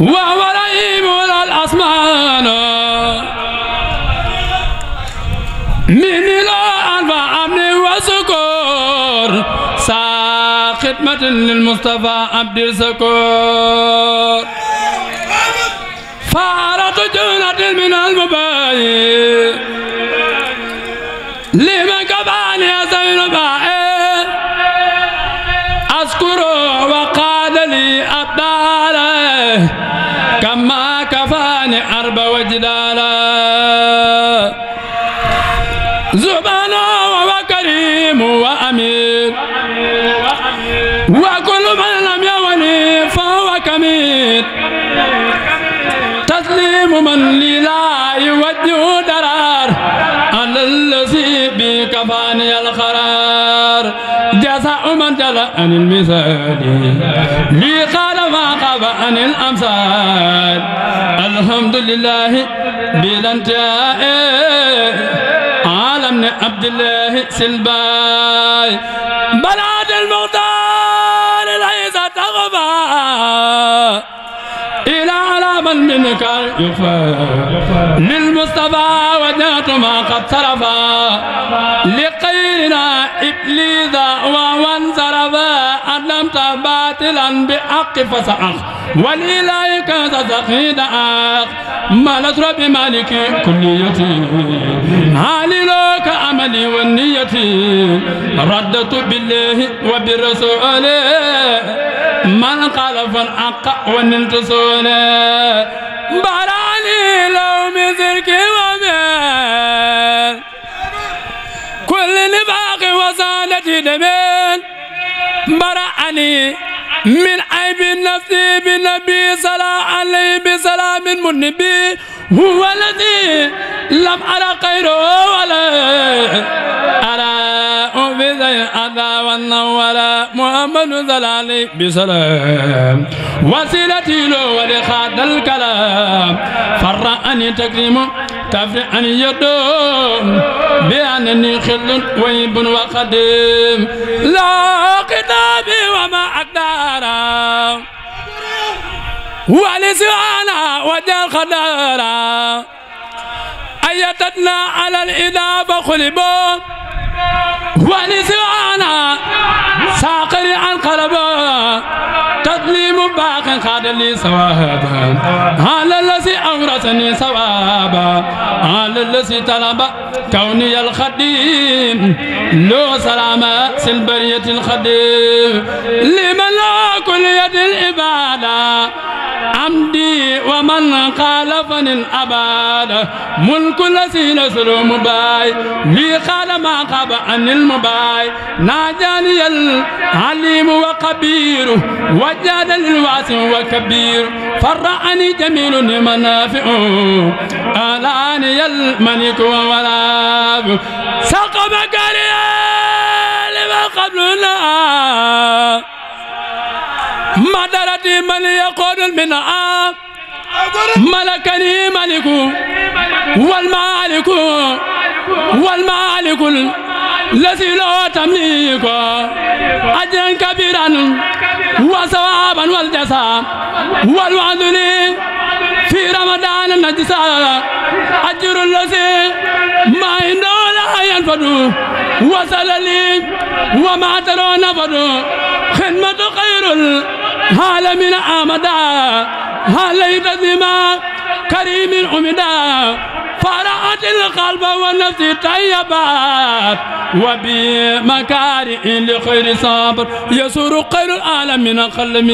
وهو رهيب الأصمان من الأنفى أمن وسكور ساخدمة للمصطفى عبد الشكور عن المثال لي قال ما قاب عن الأمثال الحمد لله بلا انتهاء عالم عبد الله سلباي بلا منك يخفى للمصطفى ودعت ما قد صرفا لقينا إبليذا وانصرفا أدلمت باطلا بحق فسأخ ولإلهك تسقيد أخ ما نصر بمالك كليتي هاللوك أملي والنيتي ردت بالله وبرسوله من خلف الحق والنتصول برعلي لو مزرك ومن كل نفاق وصالة دمين برعلي من عيب النفس بالنبي صلى عليه بسلام منبي هو الذي لم أرى خيره ولا أرى أبذ أذى والنورا محمد زلالي بسلام وسيلتي لو ولخاد الكلام فرأني تكريم تفرعني يدوم بأنني خل ويب وقديم لا كتابي وما أقدارا ولسوانا وجه خدارا أيتتنا على الإذا خلبوا ونسوانا ساقر عن قلبا تظليم باق خاد لي على الذي أورثني ثوابا على الذي طلب كوني الخديم لو سلامة سلبرية الخديم لمن لا كل يد العبادة عمدي ومن خالفني الأباد ملك الذي نسر مباي لي قال ما خاب عن المباي ناجاني العليم وقبير وجاد الواسع وكبير فرعني جميل منافع ألاني الملك وولاب سقم قليل ما قبلنا مدرتي من يقول من آب ملكني ملك والمالك والمالك الذي لا تملك أجن كبيرا وصوابا والجزاء والوعد في رمضان النجساء أجر الذي ما عنده لا ينفد وصل لي وما ترون فد خدمة خير هالا من آمدا هالا هاليد دماء كريم عمدا فرأت القلب والنفس طيبات وبمكاره لخير صبر يسر خير العالم من الخلم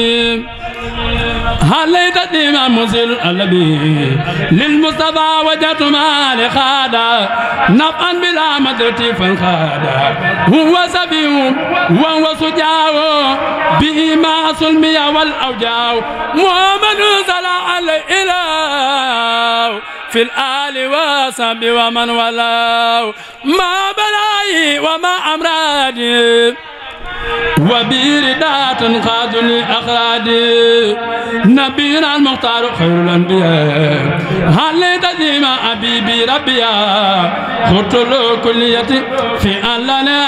هليت ديما مزل قلبي للمصطفى وجدت مال خادا نفعا بلا مدرتي فانخادا هو سبيه وهو سجاو به ما سلمي والاوجاع محمد صلى الله عليه في الآل وصحب ومن ولاه ما بلاي وما أمراضي وبيردات خاد أخراد نبينا المختار خير الأنبياء هل تديم أبيبي ربيا خطر كليتي في ألنا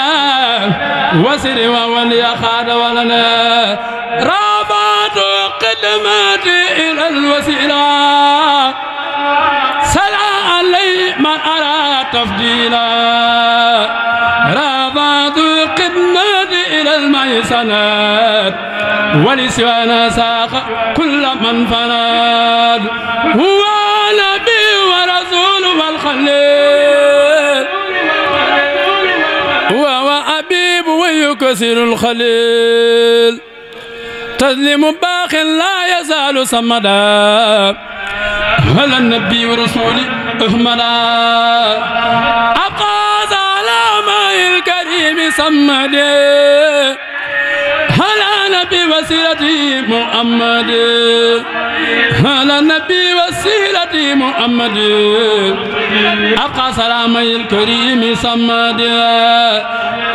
وسر وولي خاد ولنا رابط قدماتي إلى الوسيلة من أرى تفضيلا رافع ذو القدمة إلى الميسنات ولسوانا ساق كل من فناد هو نبي ورسول والخليل هو أبيب ويكسر الخليل تظلم باخ لا يزال صمدا هل النبي ورسوله حكمنا أقاز على ماء الكريم سمد هل نبي وسيرتي محمد هلا نبي وسيرتي محمد أقاز على ماء الكريم سمد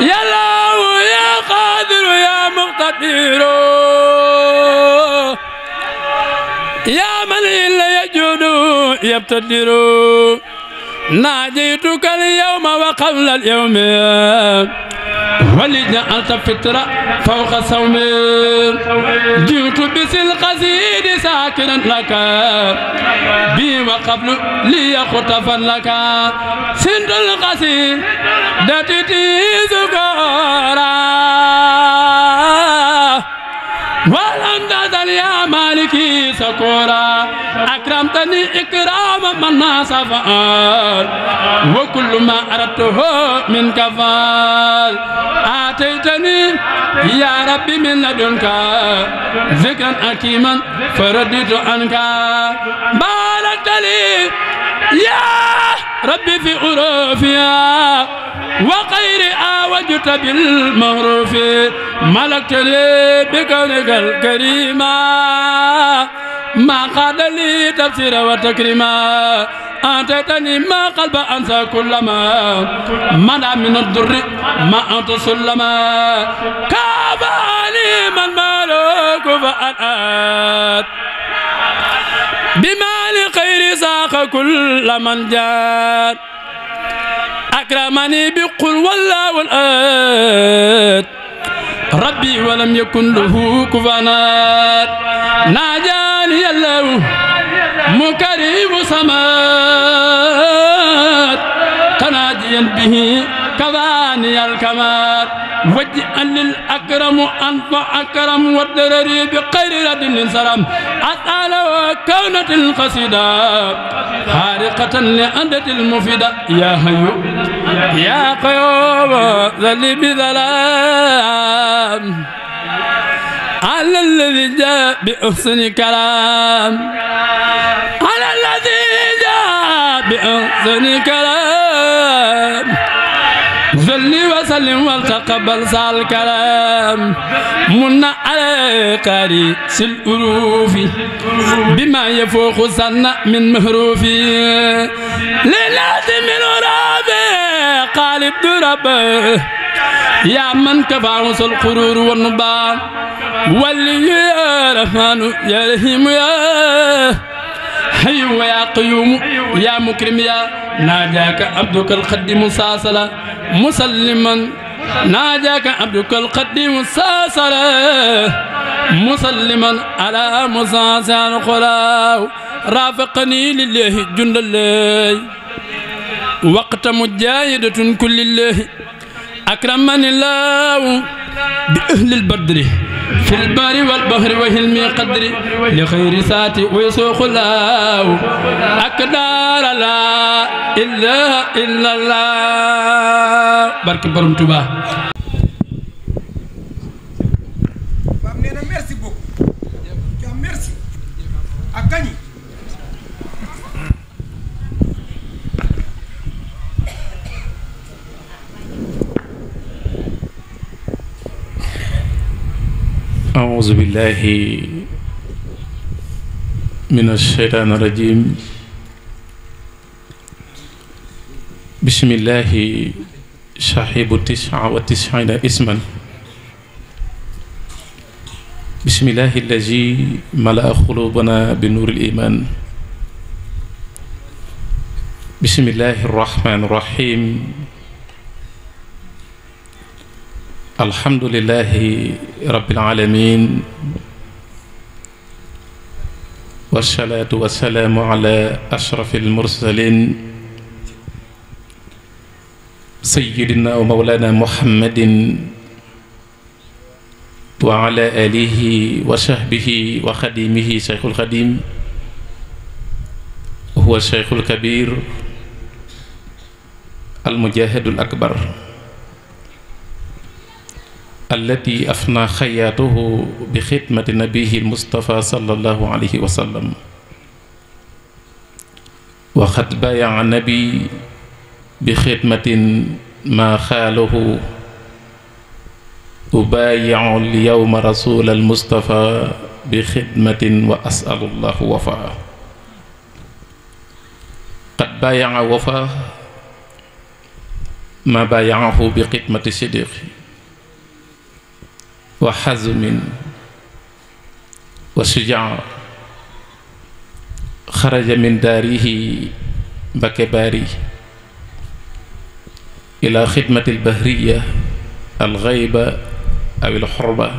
يا الله يا قادر يا مقتدر يا من إلا يبتدروا ناجيتك اليوم وقبل اليوم ولجعلت فترة فوق صوم جئت بسلق سيد ساكنا لك بي وقبل لي خطفا لك سند القصيد دتتي زكورا أنت يا مالكي سكورا أكرمتني إكرام من ناس فعال وكل ما أردته من كفال آتيتني يا ربي من لدنك ذكرا حكيما فردت عنك بارك لي يا ربي في أروفيا وغير آوجت بالمعروف ملكت لي بكونك الكريمة ما قال لي تفسير وتكريما أعطيتني ما قلب أنسى كلما منع من الضر ما أنت سلما كافاني من مالك فأنات بما لخير ساق كل من جار أكرمني بقل والله والآت ربي ولم يكن له كفنات ناجاني الله مكرم سمات تناجيا به كفاني الكمال وجعل الأكرم أنت أكرم والدرري بقير رد سلام أسأل وكونة القصيدة خارقة لأندة المفيدة يا هيو يا قيوم ذلي بذلام على الذي جاء بأحسن كلام على الذي جاء بأحسن كلام صلي وسلم وتقبل سال الكلام من على قاري أروفي بما يفوق سنة من مهروفي مهروف من رابي قالب ربه يا من كفاه القرور والنبان واللي يا رحمن يا رحيم يا حيو يا قيوم يا مكرم يا ناجاك عبدك القديم ساسلا مسلما ناجاك عبدك القديم ساسلا مسلما على مصاصع الخلاو رافقني لله جند الله وقت مجاهدة كل الله أكرمني الله بأهل البدر في البر والبحر وهلمي قدري لخير ساتي ويسوق الله أكدار لا إلا إلا الله بارك برم توبا Merci. Akani. أعوذ بالله من الشيطان الرجيم بسم الله صاحب التسعة والتسعين اسما بسم الله الذي ملأ قلوبنا بنور الإيمان بسم الله الرحمن الرحيم الحمد لله رب العالمين والصلاة والسلام على أشرف المرسلين سيدنا ومولانا محمد وعلى آله وصحبه وخديمه شيخ الخديم هو الشيخ الكبير المجاهد الأكبر التي أفنى خياته بخدمة نبيه المصطفى صلى الله عليه وسلم وقد بايع النبي بخدمة ما خاله أبايع اليوم رسول المصطفى بخدمة وأسأل الله وفاء قد بايع وفاء ما بايعه بخدمة صديقي وحزم وشجاع خرج من داره بكباري إلى خدمة البهرية الغيبة أو الحربة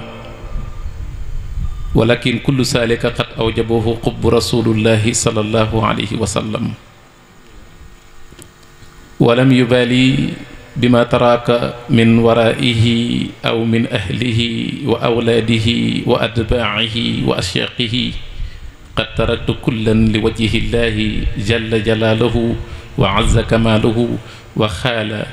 ولكن كل ذلك قد أوجبه قب رسول الله صلى الله عليه وسلم ولم يبالي بما تراك من ورائه أو من أهله وأولاده وأتباعه وأشياقه قد تركت كلا لوجه الله جل جلاله وعز كماله وخال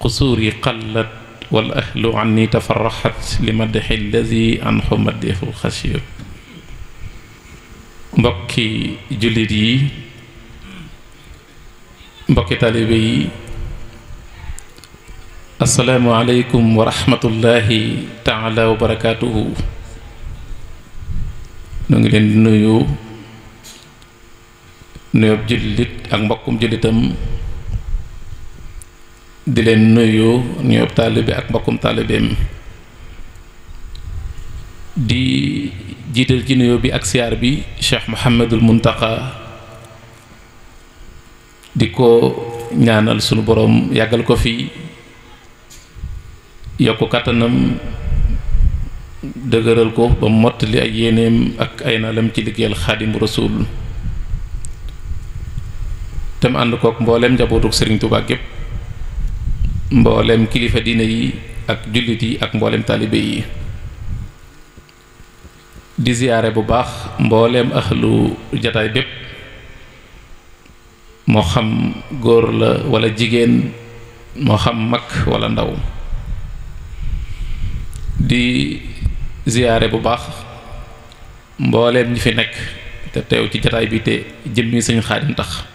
قصوري قلت والأهل عني تفرحت لمدح الذي أنحو مده الخشير بكي جلدي بكي طالبي asalaamualeykum wa rahmatullahi taala wa barakaatuhu nu ngi leen di nuyu nuyoob jullit ak mbokkum jullitam di leen nuyu nuyoob taalibe ak mbokkum taalibeem di jiital ci nuyoo bi ak siyaar bi Cheikh Mouhamadul Muntaqa di ko ñaanal sunu boroom yàggal ko fii yokk kàttanam dëgëral ko ba mottali ay yéeneem ak ay naalam ci liggéeyal xaadimu rasul te mu ànd kook mbooleem njabootuk sëriñ Tuubaa gépp mbooleem kilifa diine yi ak jullit yi ak mbooleem taalibe yi disiyaare bu baax mbooleem axlu jataay bépp moo xam góor la walla jigéen moo xam mag walla ndaw di ziyaare bu baax mbooleem ñi fi nekk te teew ci jataay bi te jëmmi sëñ Xaadim tax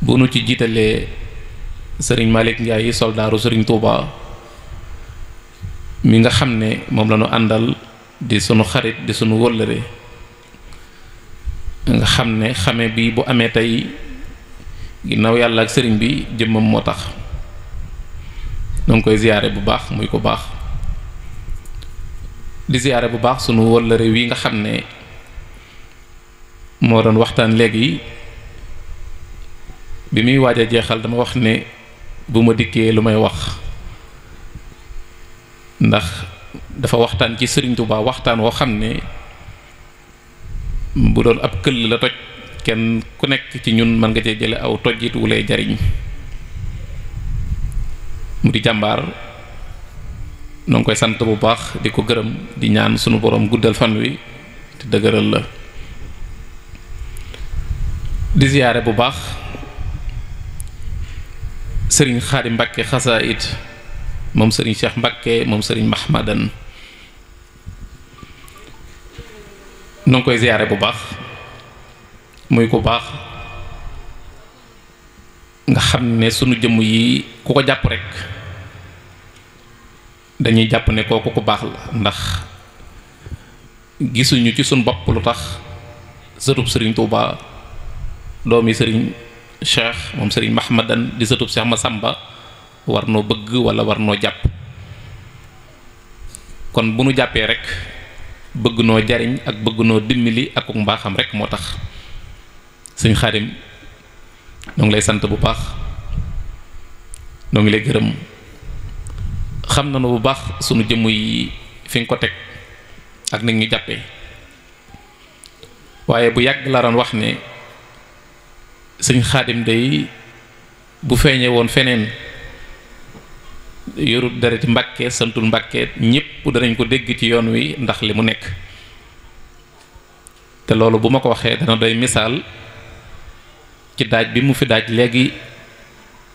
bu nu ci jiitalee sëriñ Malick Ndiaye soldaaru sëriñ Touba mi nga xam ne moom la ñu àndal di sunu xarit di sunu wëllëre nga xam ne xame bi bu amee tey ginnaaw yàlla ak sëriñ bi jëmmam moo tax noo ngi koy ziyaare bu baax muy ko baax di ziyaare bu baax sunu wëllëre wi nga xam ne moo doon waxtaan léegi bi muy waaj jeexal dama wax ne bu ma dikkee lu may wax ndax dafa waxtaan ci Sëriñ Tuubaa waxtaan woo xam ne bu doon ab këll la toj kenn ku nekk ci ñun mën nga cee jële aw tojjit wu lay jariñ mu di jàmbaar noo koy sante bu baax di gërem di ñaan suñu borom guddal fan wi te dëgëral la di ziaré bu baax serigne khadim mbacké khasaid mom serigne Cheikh mbacké mom serigne Mahmadan nong koy ziaré bu baax muy ko baax nga xamné suñu sunu yi kuko japp rek dañuy japp ne koku ku bax la ndax gisunu ci sun bop lu tax sëtub serigne Touba domi serigne Cheikh mom serigne Mahmadan di sëtub Cheikh Masamba warno bëgg wala warno japp kon bu nu perek, rek bëgg no jariñ ak bëgg no dimili ak mbaaxam rek motax serigne khadim nong lay sante bu baax lay xam nañu bu baax sunu jëmm yi fi nga ko teg ak nit ñu jàppee waaye bu yàgg laa doon wax ne sëñ xaadim day bu feeñee woon feneen yorut dereti mbàkke santul mbàkke ñépp danañ ko dégg ci yoon wi ndax li mu nekk te loolu bu ma ko waxee dana doy misaal ci daaj bi mu fi daaj léegi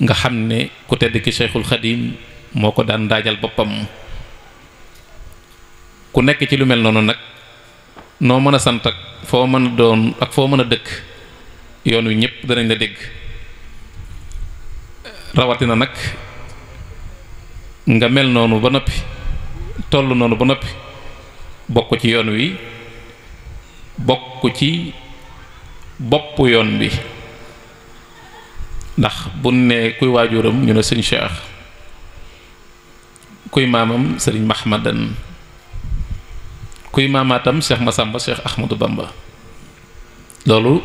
nga xam ne ku tedd ki Cheikhul Xadim moo ko daan daajal boppam ku nekk ci lu mel noonu nag noo mën a sant ak foo mën a doon ak foo mën a dëkk yoon wi ñëpp danañ la dégg rawatina nag nga mel noonu ba noppi toll noonu ba noppi bokk ci yoon wi bokk ci bopp yoon bi ndax bu ne kuy waajuram ñu ne sëñ Cheikh kuy maamam sëriñ mahmadan kuy maamaatam cheikh masamba cheikh ahmadou bamba loolu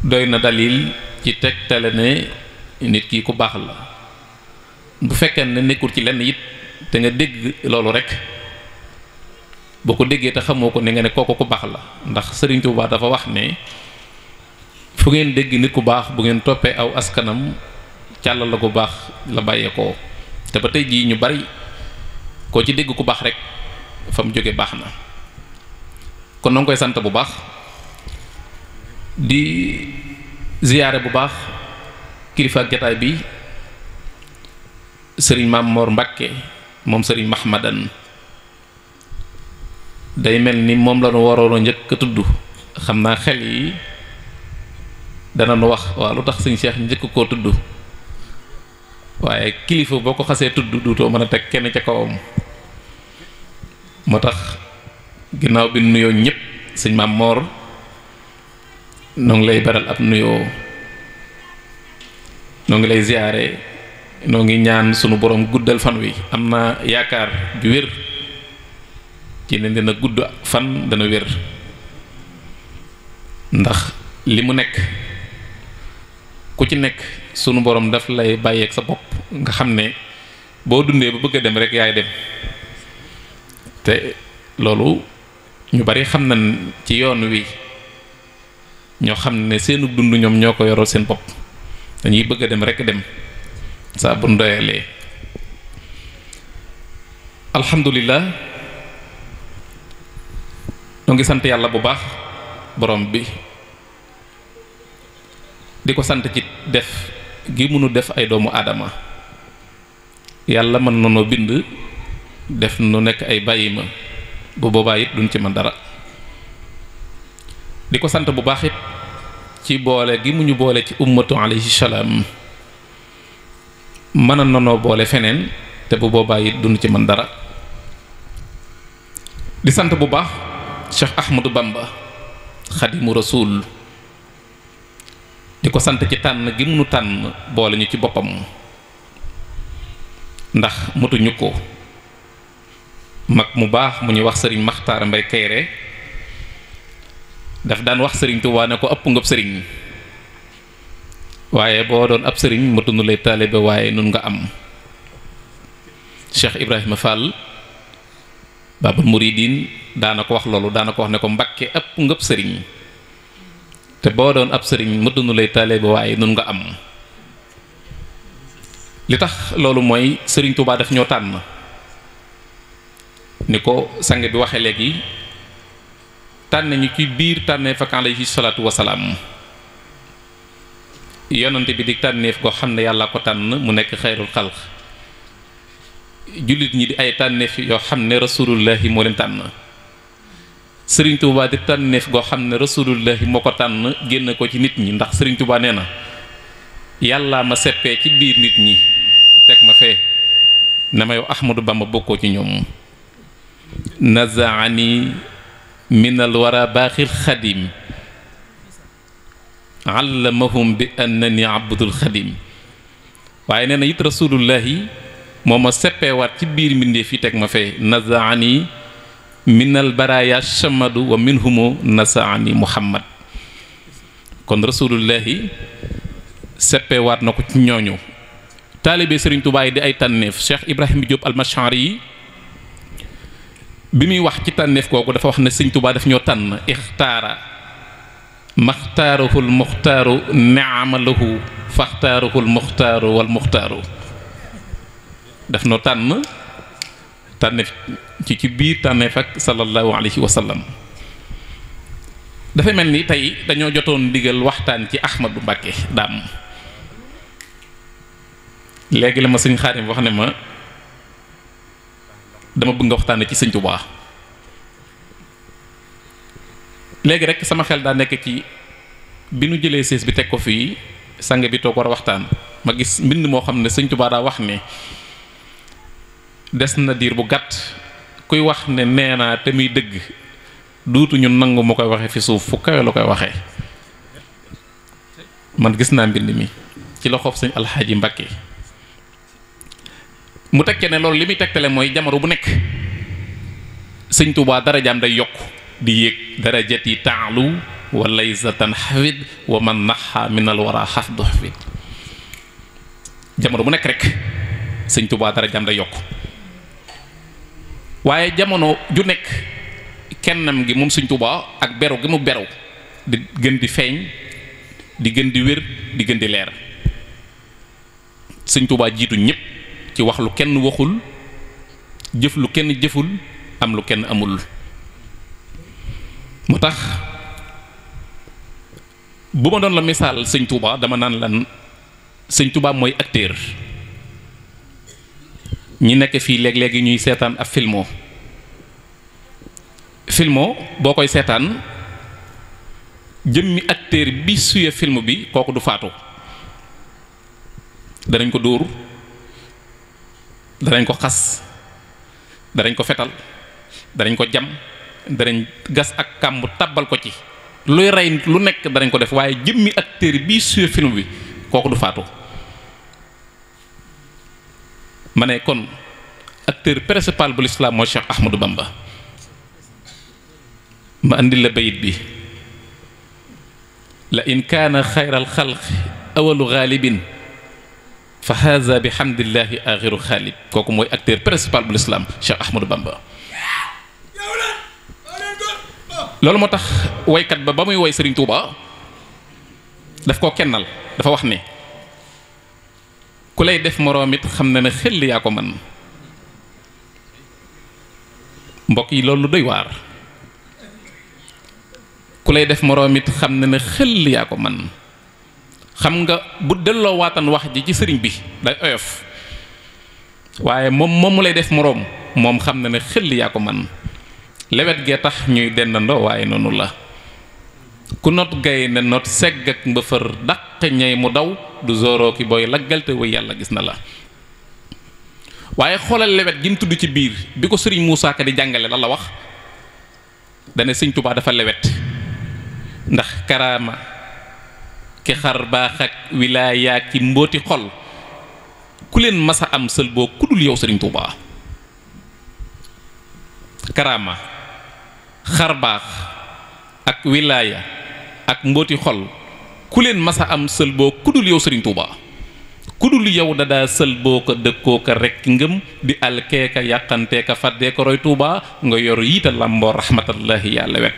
doy na dalil ci tegtale ne nit ki ku baax la bu fekkee ne nekkul ci lenn it te nga dégg loolu rekk boo ko déggee te xamoo ko ni nga ne kooku ku baax la ndax sëriñ Tuubaa dafa wax ne fu ngeen dégg nit ku baax bu ngeen toppee aw askanam càll la ku baax la bàyyeekoo té ba tay ji ñu bari ko ci dégg ku bax rek fam joggé baxna kon nang koy sant bu bax di ziaré bu bax kilifa ak bi serigne mam Mor mbacké mom serigne Mahmadan day mel ni moom la nu waroon a njëkk a tudd xel yi dana wax wa lutax serigne Cheikh ñëk ko tuddu waaye kilifa boo ko xasee tudd duutoo mën a teg kenn ca kawam moo tax ginnaaw bi nuyoo ñëpp sëñ maam moor noo ngi lay beral ab nuyoo noo ngi lay ziyaare noo ngi ñaan sunu boroom guddal fan wi am na yaakaar ju wér ci ne dina gudd fan dana wér ndax li mu nekk ku ci nekk sunu borom daf lay bayek sa bop nga xamne bo dundé ba bëgg dem rek yaay dem te lolu ñu bari xam nañ ci yoon wi ño xamne seenu dundu ñom ño ko yoro seen bop dañuy bëgg dem rek dem sa bu ndoyalé alhamdullilah ñoo ngi sant yalla bu baax borom bi diko sant ci def gi munu def ay doomu aadama yàlla mën na bind def nu nekk ay bàyyi ma bu boobaa it duñ ci mën dara di ko sant bu baax it ci boole gi mu ñu boole ci ummatu alayhi salaam mën na boole feneen te bu boobaa it duñ ci mën dara di sant bu baax Cheikh Ahmadou Bamba xadimu rasul diko sant ci tan gi munu tan boole ñu ci bopam ndax mutu ñuko mak mu baax mu ñu wax serigne makhtar mbay kayre daf daan wax serigne Tuubaa ne ko ëpp ngëb serigne waye bo doon ab serigne mutu nu lay talibé waye nun nga am Cheikh ibrahim Fall Babul Muridin danako wax lolu danako wax ne ko Mbàkke ëpp serigne te bo doon ab serigne mu dund lay taale ba nun nga am li tax loolu moy serigne Touba daf ñoo tan ni ko sang bi waxé légui tan ñu ci biir tànneef ak alayhi salaatu wasalaam yonante bi di tànneef koo xam ne ko tan mu nek khairul khalq julit ñi di ay ne rasulullahi moo leen sëriñ Touba di tànneef goo xam ne rasulullahi moo ko tànn génn ko ci nit ñi ndax sëriñ Touba nee na yàllaa ma seppee ci biir nit ñi teg ma fee na Ahmadou Bamba bokkoo ci ñoom nazaani minal wara baaxil xadim allamahum bi annani abdul xadim waaye nee na it rasulullahi moo ma seppeewaat ci biir mbindeef yi teg ma fee من البرايا الشمد ومنهم نسعني محمد كون رسول الله سبي وار نكو نيونو طالب سيرن توباي دي اي تانيف شيخ ابراهيم جوب المشعري بيمي واخ كي تانيف كوكو دا فا واخ سيرن توبا داف نيو تان اختار مختاره المختار نعم له فاختاره المختار والمختار داف نو تان tanef ci ci bi tanef ak sallallahu alayhi wa sallam dafa melni tay dañu jotoon digal waxtaan ci Ahmadou mbake dam legui la ma seigne Xaadim wax ne ma dama bëgg nga ci seigne touba legui rek sama xel da nek ci bi nu jëlee bi tek ko fi sang bi toog war ma gis mbind mo seigne touba da wax des na dir bu gat kuy wax ne neena naa te muy dutu ñu nangu mu koy waxe fi suuf fu kawé lu koy waxe man gis na mbind mi ci loxoof sëñ alxaaji mbacke mu tekke ne lolou limi tektale moy jamaru bu nek nekk touba dara jam day yok di yek dara yi ta'lu wa laysa tan wa man naxa min alwara jamaru bu nek rek touba dara jam day yok waaye jamono ju nekk kennam gi moom Sëñ Tuubaa ak beru gi mu beru di gën di feeñ di gën di wér di gën di leer Sëñ Tuubaa jiitu ñépp ci wax lu kenn waxul jëf lu kenn jëful am lu kenn amul mu tax bu ma doon la misaal Sëñ Tuubaa dama naan lan Sëñ Tuubaa mooy acteur ñi nekk fii léeg-léegi ñuy seetaan ab filmo filmo boo koy seetaan jëmmi acteur bi suye film bi kooku du faatu danañ ko dóor danañ ko xas danañ ko fetal danañ ko jam darañ gas ak kàmb tàbbal ko ci luy rey lu nekk danañ ko def waaye jëmmi ak acteur bi suye film bi kooku du faatu mané kon acteur principal bu l'islam mo Cheikh Ahmadou Bamba ma andil la bayit bi la in kana kaana al khalq awal ghalib fa hadha bi hamdillahi axiru xaalib kooku mooy acteur principal bu l'islam Cheikh Ahmadou Bamba loolu motax way kat ba bamuy way Serigne Touba daf ko kennal dafa wax ni ku lay def moroom it xam na ne xel yaa ko mën mbokk yi loolu doy waar ku lay def moroom it xam na ne xel yaa ko mën xam nga bu delloo waatan wax ji ci sëriñ bi day oyof waaye moom moom mu lay def moroom moom xam na ne xel yaa ko mën lewet gee tax ñuy dendandoo waaye noonu la ku not gaynde not segg ak mbëfër daq ñay mu daw du zoro ki booy laggal te yàlla gis na la waaye xoolal lewet gi mu tudd ci biir bi ko sëriñ Moussa Ka di jàngale lan la wax dane sëñ Tuubaa dafa lewet ndax karaama ki xar baax ak wilaaya ki mbooti xol ku leen masa am sël boo ku yow sëriñ Tuubaa karaama xar baax ak wilaaya ak mbóoti xol ku leen masa am sël boo kudul yow sëriñ Touba kudul yow dadaa sël boo ko dëkkoo rekk ngëm di alkee ka yàqantee ka fàddee ko roy Touba nga yor yiita làmboo rahmatallahi yàlla wet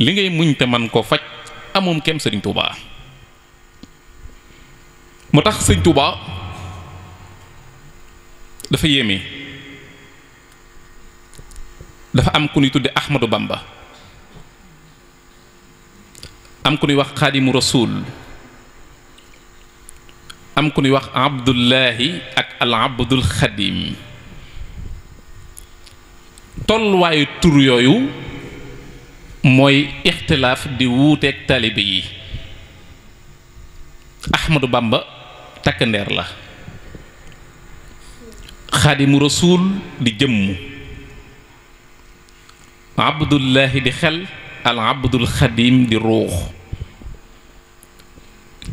li ngay muñ te man koo faj amoom kem sëriñ Touba mu tax sëriñ Touba dafa yéeme dafa am ku ñuy tudde Ahmadou Bamba am ku ñuy wax Xaadimu Rasuul am ku ñuy wax Abdullahi ak al Abdul Xadim tolluwaayu tur yooyu mooy ixtilaaf di wuuteeg taalibe yi Ahmadou Bamba takk ndeer la Xaadimu Rasuul di jëmm abdullahi di xel al abdul xadim di ruux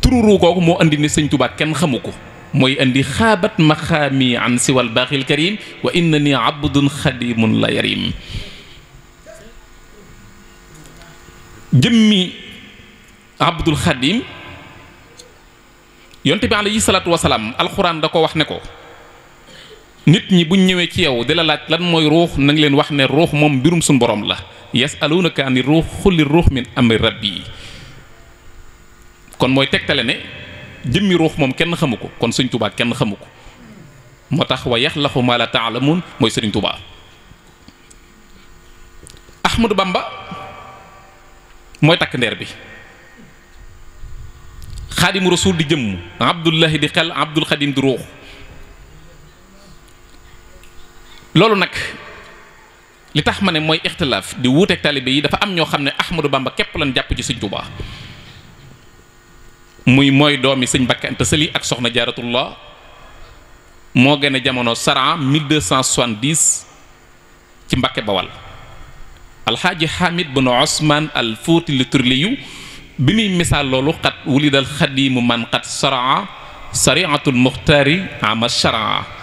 turu ruux kooku moo andi ne sëñ Tuubaa kenn xamu ko mooy andi xaabat maxaami an siwal baaxil karim wa inna ni abdun xadimun la yarim jëmmi abdul xadim yonte bi alayhi salaatu wasalaam alxuraan da ko wax ne ko nit ñi buñ ñëwé ci yow dila laaj lan moy ruh na ngi leen wax ne ruh mom birum sun borom la yasalunaka anir ruh khulir ruh min amri rabbi kon moy tektale ne jëmmi ruh mom kenn xamuko kon sëñ touba kenn xamuko motax wa yaxlaxu ma la ta'lamun moy sëriñ touba ahmadu bamba moy tak ndeer bi khadim rasul di jëm abdullah di khal abdul khadim di ruh loolu nag li tax ma ne mooy ixtilaaf di wuuteeg taalibe yi dafa am ñoo xam ne Ahmadou Bamba képp lan jàpp ci suñ Tuubaa muy mooy doomi sëñ Mbàkke Anta ak soxna Jaaratullah moo gën a jamono saran 1270 ci Mbàkke Bawal alxaaji Hamid bin Osman al Fuuti li turliyu bi muy misaal loolu xat wulidal xadimu man xat saraa sariatul muxtaari ama saraa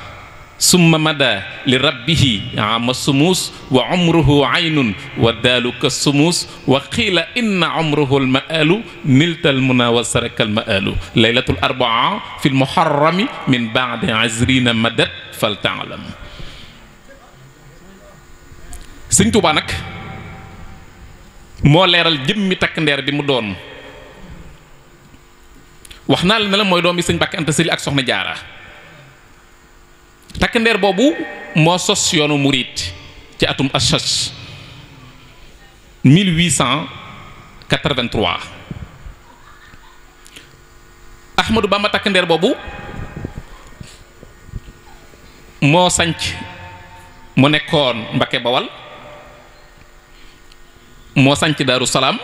ثم مدى لربه عام السموس وعمره عين ودالك السموس وقيل إن عمره المآل نلت المنى وسرك المآل ليلة الأربعاء في المحرم من بعد عزرين مدد فلتعلم سنتو بانك مو لير الجم تكندير بمدون وحنا لنلم ويدومي سنبك أنت سيلي أكسوح نجارة takender ndeer boobu moo sos yoonu murit ci atum asas 1883 Ahmadou Bamba takender ndeer boobu moo sanc mo mbake Bawal mo sanc daru salam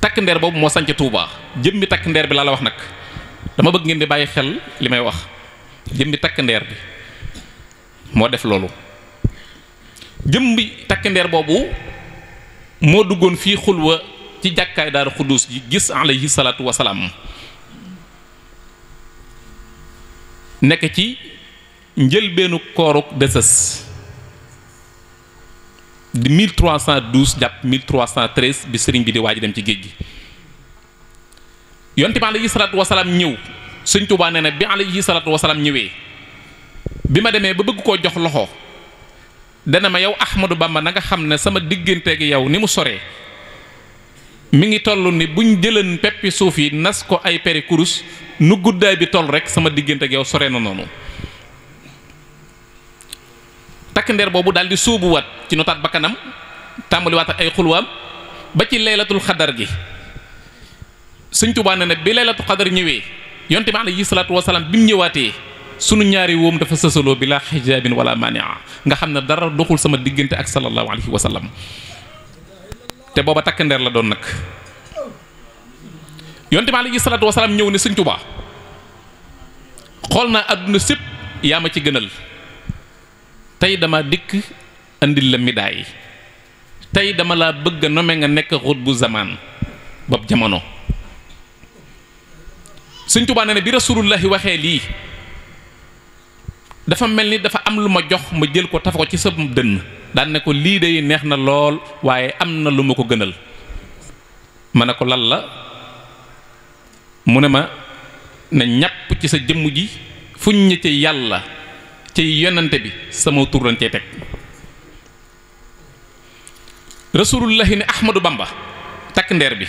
takk ndeer boobu moo sanc Touba jëmmi takk ndeer bi la la wax nak dama bëgg ngeen di baye xel limay wax jëmmi takk ndeer bi moo def loolu jëmbi takk ndeer boobu moo duggoon fii xulwa ci jàkkaay daaru xudduus ji gis alayhi salaatu wasalaam nekk ci njëlbeenu kooruk desës di 1312 jàpp 1313 bi sëriñ bi di waaj dem ci géej gi yonte bi alayhi salaatu wasalaam ñëw seigne touba nee na bi alayhi salatu wa salam bi ma demee ba bëgg ko jox loxo dana ma yow Bamba nga xamné sama sama ak yow ni mu soré mi ngi tollu ni buñ jëlën peppi suuf yi nas ko ay kurus nu gudday bi toll rek sama ak yow sore na nonu tak ndër bobu daal di wat ci bakanam tambali wat ay khulwam ba ci laylatul xadar gi seigne touba nee bi laylatul ñewé yonte bi alayhi salatu wasalaam bi mu ñëwaatee sunu ñaari woom dafa sësaloo bi laa wala mani'a nga xamne dara doxul sama diggante ak sallallahu alayhi wa te boba tak ndeer la doon nak yonte bi alayhi salaatu wasalaam ñëw ni Sëñ Tuubaa xolna aduna àdduna sépp yaa ma ci gënal tay dama dik andil la midaay tay dama la bëgg nome nga nek xut bu zamaan jamono sëñ touba nee bi rasulullah waxee li dafa melni dafa am luma jox ma jël ko tafa ko ci sa deun daan ne ko li day neex na lool waaye am na ko gënal ma ne ko lan la munema ne ñap ci sa jëm ji fuñ ñi ci yalla ci yonante bi sama turante tek rasulullah ni ahmadu Bamba tak ndeer bi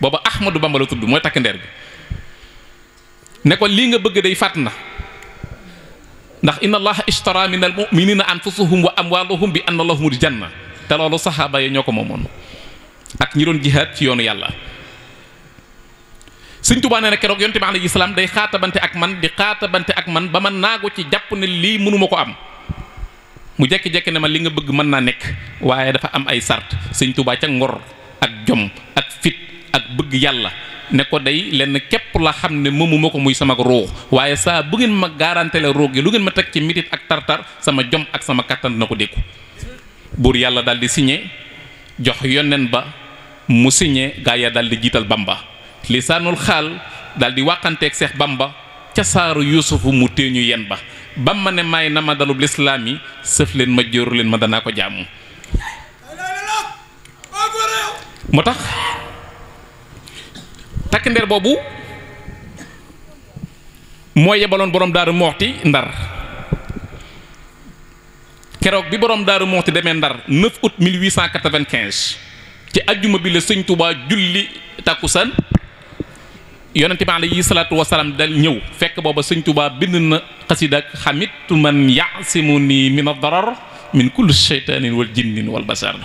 boba ahmadu Bamba la tuddu moy tak ndeer bi ne ko lii nga bëgg day fàtt na ndax inna na ishtara min al muminina anfusahum wa amwaalahum bi na anna lahumul janna te loolu saxaaba yi ñoo ko moomoon ak ñi doon jihaad ci yoonu yàlla sëñ Tuubaa nee na keroog yonte bi alayhi salaam day xaatabante ak man di xaatabante ak man ba ma naago ci jàpp ne lii mënuma ko am mu jekki-jekki ne ma li nga bëgg mën naa nekk waaye dafa am ay sart sëñ Tuubaa ca ngor ak jom ak fit ak bëgg yàlla ne ko day len kep la xamne ne moomu ko muy sama roh, waaye saa bu ngeen ma garanté le roh gi lu ngeen ma tek ci mitit ak tartar sama jom ak sama katan nako deku bur yalla dal di signé jox yonen ba mu signé gaaya dal di jital bamba lisanul khal dal di ak cheikh bamba ca saaru yusuf mu teñu yen ba bam ma ne may na ma dalub lislaam yi sëf leen ma jor len ma dana ko jaamu motax takk ndeer boobu moo yebaloon boroom daaru moxti ndar keroog bi borom daaru moxti demee ndar 9 août 1895 ci ajjuma bi la sëñ Touba julli takkusaan yonente bi alayhi salaatu wasalaam dal ñëw fekk booba sëñ tubaa bind na xasida ak xamitu man yaasimu nii min ad-darar min kulli sheytaanin wal jinnin wal basar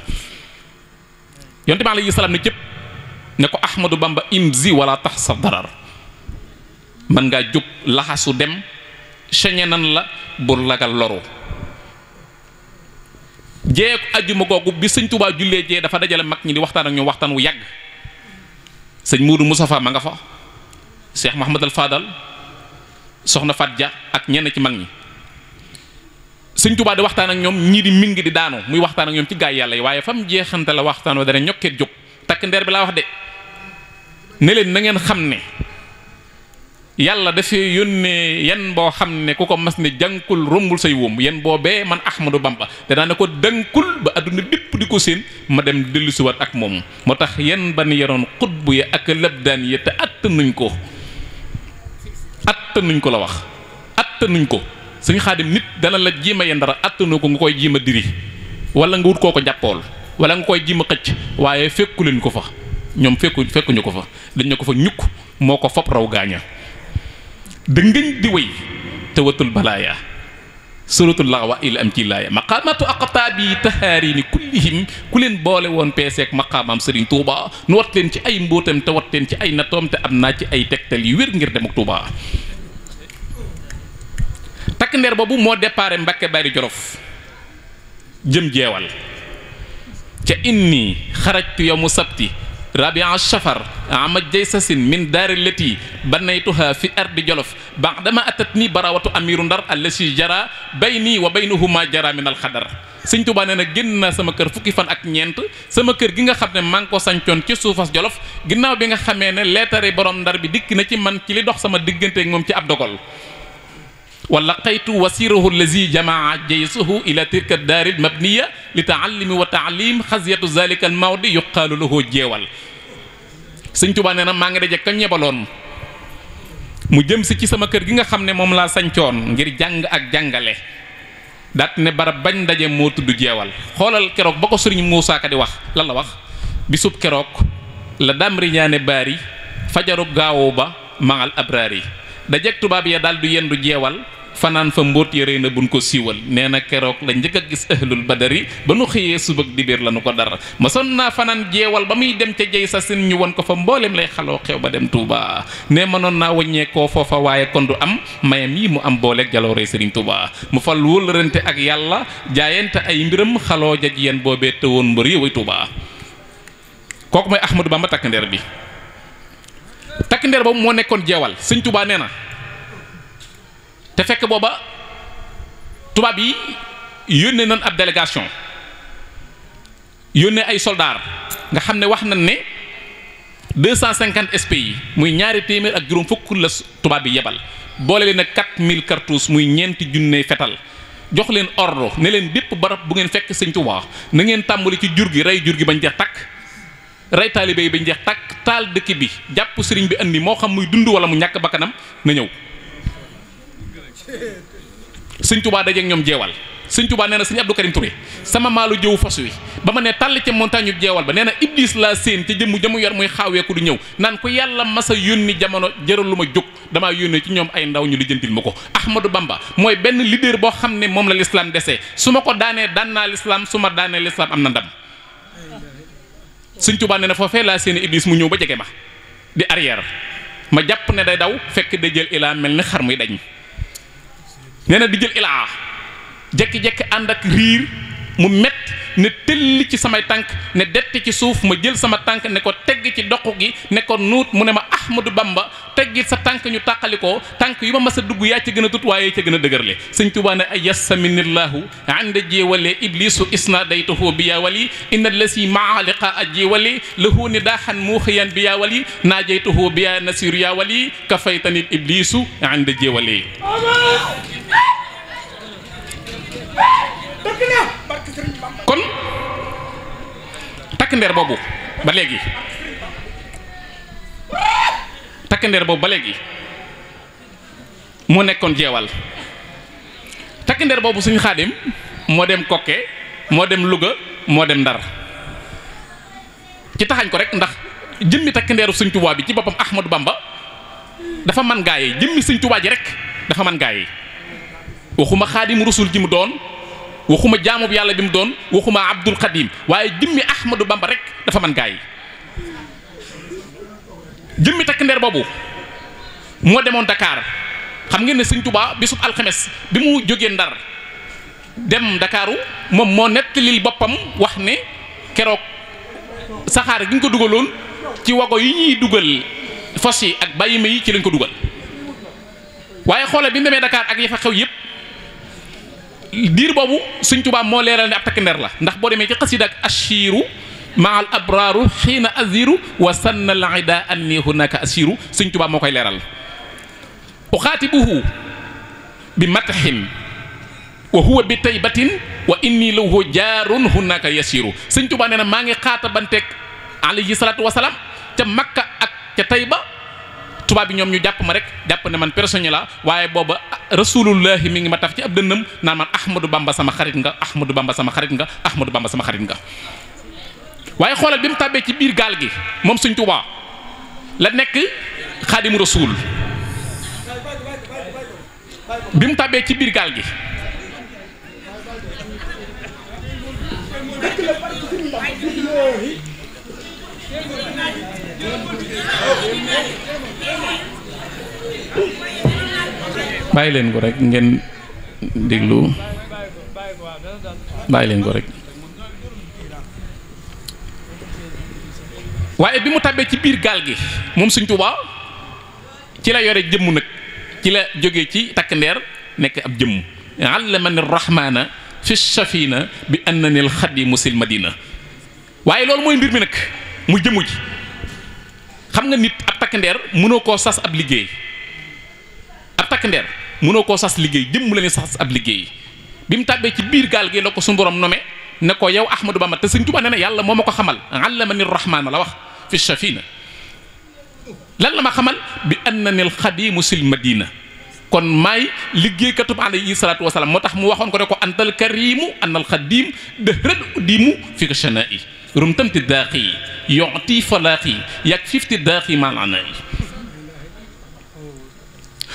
yonente bi alayhi salaam ne cëpp ne ko ahmadu bamba imzi wala tahsab darar man nga juk lahasu dem señe nan la bur lagal je jee aljuma gogu bi sëñ touba julle je dafa dajale mak ñi di waxtan ak ñu waxtan wu yag ma nga fa cheikh mohammed al fadal soxna fat ak ñen ci mak ñi nyiri touba di waxtan ak ñom ñi di mingi di daanu muy waxtan ak ñom ci gaay yalla waye fam waxtan wa dara juk tak ndeer bi la wax de ne len na ngeen xamne yunne, yàlla dafee yónnee yan boo xam ne masne ko rombul say man Ahmadu Bamba da na ko dankul ba aduna bépp di ko seen ma dem wat ak mom motax yen ban yaron qutbu ya ak labdan ya at nuñ ko nuñ ko la wax nuñ ko suñu xaadim nit da la jima yen dara nu ko jima diri wala nga wut koo ko wala nga jima xecc waye fekkulen ko fa ñoom fekku fekkuñu ko fa dañ ko fa ñukk moo ko fab raw gaaña dëngañ di wéy te watul balaaya suratul laxwa il am ci laaya maqaamatu aqtaabi tahaariini kullihim ku leen boole woon peeseek maqaamaam sëriñ Touba nu wat ci ay mbóotam te wat ci ay natoom te am naa ci ay tegtal yu wér ngir demuk Touba takk ndeer boobu moo déparé Mbàkke Bari Jolof jëm jeewal ca inni xarajtu yawmu sabti رابعا الشفر عمت جيسس من دار التي بنيتها في أرض جلف بعدما أتتني براوة أمير دار التي جرى بيني وبينه ما جرى من الخدر sëñ Tuubaa nee na génn naa sama kër fukki fan ak ñeent sama kër gi nga xam ne maa ngi ko sancoon ci suufas jolof ginnaaw bi nga xamee ne leetare borom ndar bi dikk na ci man ci li dox sama diggante ak moom ci ab dogal ولقيت وسيره الذي جمع جيسه إلى تلك الدار المبنية لتعلم وتعليم خزية ذلك الموضع يقال له جيوال sëñ Tuubaa nee na mu jëm ci sama kër gi nga xam ne moom laa ngir jàng ak jàngale daat ne barab bañ daje moo tudd jeewal xoolal keroog ba ko sëriñ Ka di wax la wax la dam fajaru mangal ya daal du yendu jewal Fanan fa mbot yere na buñ ko siwal neena kérok la gis ahlul badari ba nu subak subag di biir la nu ko dar mason na fanan jéwal ba dem ci jey sa sin ñu won ko fa mbolem lay xalo xew ba dem Touba ne na wagne ko fofa waye kon du am mayam yi mu am jalo re Serigne Touba mu fal wóllërante ak yalla jaayenta ay mbirum xalo jaj yeen boobee te woon mbër yi way Touba kok mooy Ahmadou Bamba tak ndeer bi tak ndeer mo nekkon jéwal Serigne Touba te fekk booba tubaab yi yónnee nañ ab délégation yónnee ay soldaar nga xam ne wax nañ ne deux cent cinquante SPI muy ñaari téeméer ak juróom fukk la tubaab bi yebal boole leen ak quatre mille cartouches muy ñeenti junne fetal jox leen ordre ne leen bépp barab bu ngeen fekk sëñ Tuubaa na ngeen tàmbali ci jur gi rey jur gi bañ jeex takk rey taalibe yi bañ jeex takk taal dëkk bi jàpp sëriñ bi andi moo xam muy dund wala mu ñàkk bakkanam na ñëw sëñ tubaa dajeeg ñoom jeewal sëñ tubaa nee na sëñ Abdou Karim Touré sama maalu jëw fas wi ba ma ne tàll ca montagne yu jeewal ba nee na iblis laa séen te jëmm jamu yor muy ku du ñëw naan ko yàlla ma masa yónni jamono jëral lu ma jóg damaa yónnee ci ñoom ay ndaw ñu lijjantil ma ko ahmadou bamba mooy benn leader boo xam ne moom la lislaam desee su ma ko daanee daan naa lislaam su ma daanee lislaam am na ndam sëñ tubaa nee na foofee laa séen iblis mu ñëw ba jege ma di arrière ma jàpp ne day daw fekk day jël ilaa mel ni xar muy dañ nee na di jël ilaa jekki-jekki ànd ak riir mu mett ne tëlli ci samay tànk ne detti ci suuf ma jël sama tànk ne ko tegg ci doq gi ne ko nuut mu ne ma Ahmadu Bamba teggi sa tànk ñu tàqalikoo tànk yu ma mas dugg yaa ca gën a tut waaye ca gën a dëgërle sëñ Tuubaa ne ay yasaminillahu ànd jéewale iblisu isna daytuhu bi yaa inna lasi maa a jéewali lahu ni daaxan muuxiyan bi yaa wali naa jeytuhu bi yaa nasiru yaa wali kafaytanit iblisu ànd jéewale takk boobu ba léegi takk boobu ba léegi moo nekkoon jeewal takk boobu suñu xaadim moo dem kokke moo dem Louga moo dem Ndar ci taxañ ko rek ndax jëmmi takk ndeeru suñ bi ci boppam Ahmadou Bamba dafa man gaa yi jëmmi suñ tubaa ji rek dafa man gaa yi waxuma xaadim rusul ji mu doon waxuma jaamub yàlla bi mu doon waxuma abdul xadim waaye jëmmi ahmadou bamba rek dafa man gaa yi jëmmi takk ndeer boobu moo demoon Dakar xam ngeen ne sëñ Tuubaa bisub bi mu jógee ndar dem Dakaaru moom moo nettalil boppam wax ne keroog saxaar gi ñu ko dugaloon ci wago yi ñuy dugal fos yi ak bàyyima yi ci lañ ko dugal waaye xoole bi mu demee ak yafa xew yëpp dir bobu seigne touba mo leral ni ab takk ndeer la ndax bo demé ci xasida ak ashiru al abraru hina aziru wa sanna al ida anni hunaka asiru seigne touba mo koy leeral uxaatibuhu bi mataxin wa huwa bi taybatin wa inni lahu jaarun hunaka yasiru seigne touba neena ma maa ngi xaatabanteeg alayhi salaatu wasalaam ca makkah ak ca tayba tuba bi ñom ñu japp ma rek japp ne man personne la waye bobu rasulullah mi ngi ma taf ci ab deñum naan man ahmadu bamba sama xarit nga Ahmadu bamba sama xarit nga Ahmadu bamba sama xarit nga waye xolal bimu tabbe ci bir gal gi mom seigne touba la nek khadim rasul bimu tabbe ci bir gal gi bàyyi leen ko rek ngeen déglu bàyyi leen ko rek waaye bi mu tàbbee ci biir gaal gi moom Sëñ Tuubaa ci la yore jëmm nag ci la jóge ci takk ndeer nekk ab jëmm allamani rahmaana fi safiina bi annani alxadimu sil madina waaye loolu mooy mbir mi nag mu jëmm ji xam nga nit ab takk ndeer mënoo koo sas ab liggéey ab takk ndeer mënoo koo sas liggéey jëmm la ne sas ab liggéey bi mu tàbbee ci biir gaal gi la ko suñu borom nome ne ko yow Ahmadou Bamba te sëñ Tuubaa ne na yàlla moo ma ko xamal allamani rahmaan la wax fi shafina lan la ma xamal bi na annani alxadimu sil madina kon maay liggéeykatub alayhi salaatu wasalaam moo tax mu waxoon ko ne ko antal karimu annal xadim dëhral udimu fi ko shanaa'i رمتمت الداقي يعطي فلاقي يكفيف الداقي مع العناي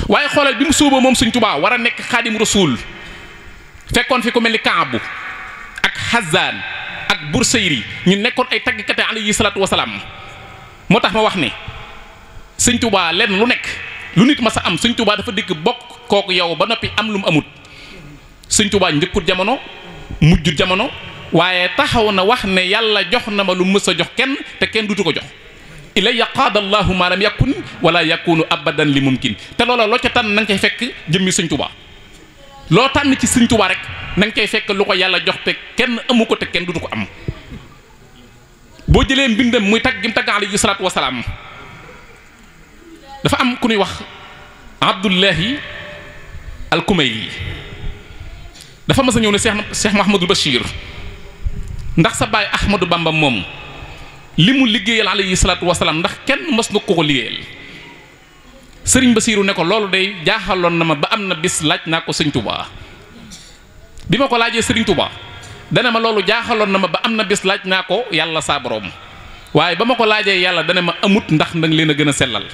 waaye xoolal bi mu suuba moom suñ tubaa war a nekk xaadim rasul fekkoon fi ku mel ni kaabu ak xazaan ak bursayri ñu nekkoon ay taggkate alayhi salaatu wasalaam moo tax ma wax ne suñ tubaa lenn lu nekk lu nit ma sa am suñ tubaa dafa dikk bokk kooku yow ba noppi am lu mu amut suñ tubaa njëkkut jamono mujjut jamono waaye taxaw na wax ne yàlla jox na ma lu mës a jox kenn te kenn dutu ko jox ilaya qaada allahu ma lam yakun wala yakunu abadan li mumkin te loola loo ca tànn na nga koy fekk jëmmi Sëñ Tuubaa loo tànn ci Sëñ rek na nga koy fekk lu ko yàlla jox te kenn amu ko te kenn dutu ko am boo jëlee mbindam muy tag gim tagg alayhi salaatu wasalaam dafa am ku nuy wax abdullahi al kumayli dafa mas a ñëw ne seex seex mahamadul bachir ndax sa baay Ahmadou Bamba moom li mu liggéeyal alayhi salaatu wasalaam ndax kenn mos na ko ko liggéeyal sëriñ Basiiru ne ko loolu day jaaxaloon na ma ba am na bis laaj naa ko sëñ ba bi ma ko laajee sëriñ Touba dana ma loolu jaaxaloon na ma ba am na bis laaj naa ko yàlla saa waaye ba ma ko laajee yàlla dana ma amut ndax ndaŋ leen a gën a sellal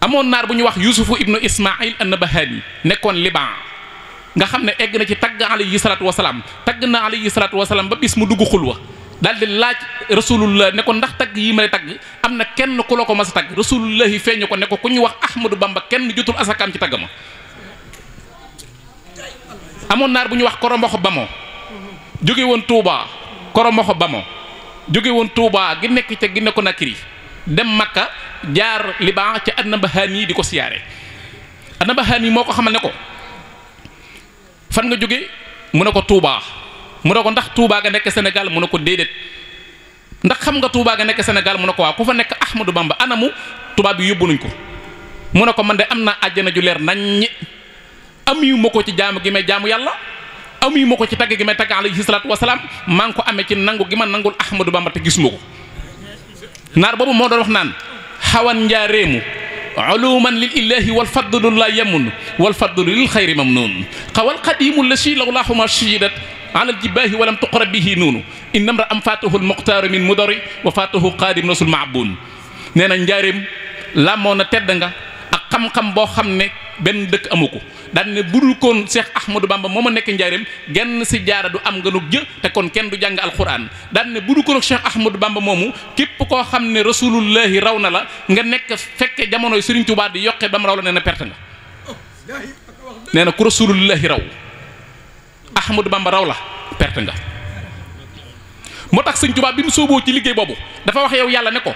amoon naar bu ñu wax yuusufu ibnu ismail an-Nabahani nekkoon liban nga xamne egg na ci tagg alayhi salatu wasalam tag na ali salatu wasalam ba bis mu dugg xulwa dal di laaj rasulullah ne ko ndax tag yi may tag amna am na kenn ku lako ma mas a rasulullah hifenyo ko ne ko ku wax ahmadu bamba kenn jutul asakam ci tagama amon nar naar bu ñu wax koromoxo bamo jóge woon tuuba koromoxo bamo jóge won touba gi nek ci gi nek nakiri dem makka jaar liban ci adna bahani di ko siyaare adna bahani xamal ne ko fan nga jóge mu ne ko Touba mu ne ko ndax tuubaa nga nekk Sénégal mu ne ko déedéet ndax xam nga tuubaa nga nekk Sénégal mu ne ko waaw ku fa nekk Ahmadou Bamba anamu tubaab bi yóbbu nañ ko mu ne ko man de am na àjjana ju leer naññi am yu ko ci jaamu gi may jaamu yàlla am yu ma ko ci tagg gi may tagg alayhi salaatu wasalaam maa ngi ko amee ci nangu gi ma nangul Ahmadou Bamba te gis ma ko naar boobu moo doon wax naan xawan njaareemu علوما لله والفضل لا يمن والفضل للخير ممنون قوى القديم الذي لولاهما شيدت على الجباه ولم تقرب به نون إن امرأ فاته المختار من مدر وفاته قادم رسول معبون nee نجارم لامونا làmmoon اك خم خم بو خمني benn dëkk amu ko daan ne budul koon Cheikh Ahmadou Bamba moo nekk njaareem genn si jaara du am nganug jë te kon kenn du jàng alxuraan daan ne budul koon Cheikh Ahmadou Bamba moomu képp koo xam ne rasulullahi raw na la nga nekk fekke jamonoy Serigne Touba di yokkee ba mu raw la nee na perte nga nee na ku rasulullahi raw Ahmadou Bamba raw la perte nga moo tax Serigne Touba bi mu sóoboo ci liggéey boobu dafa wax yow yàlla ne ko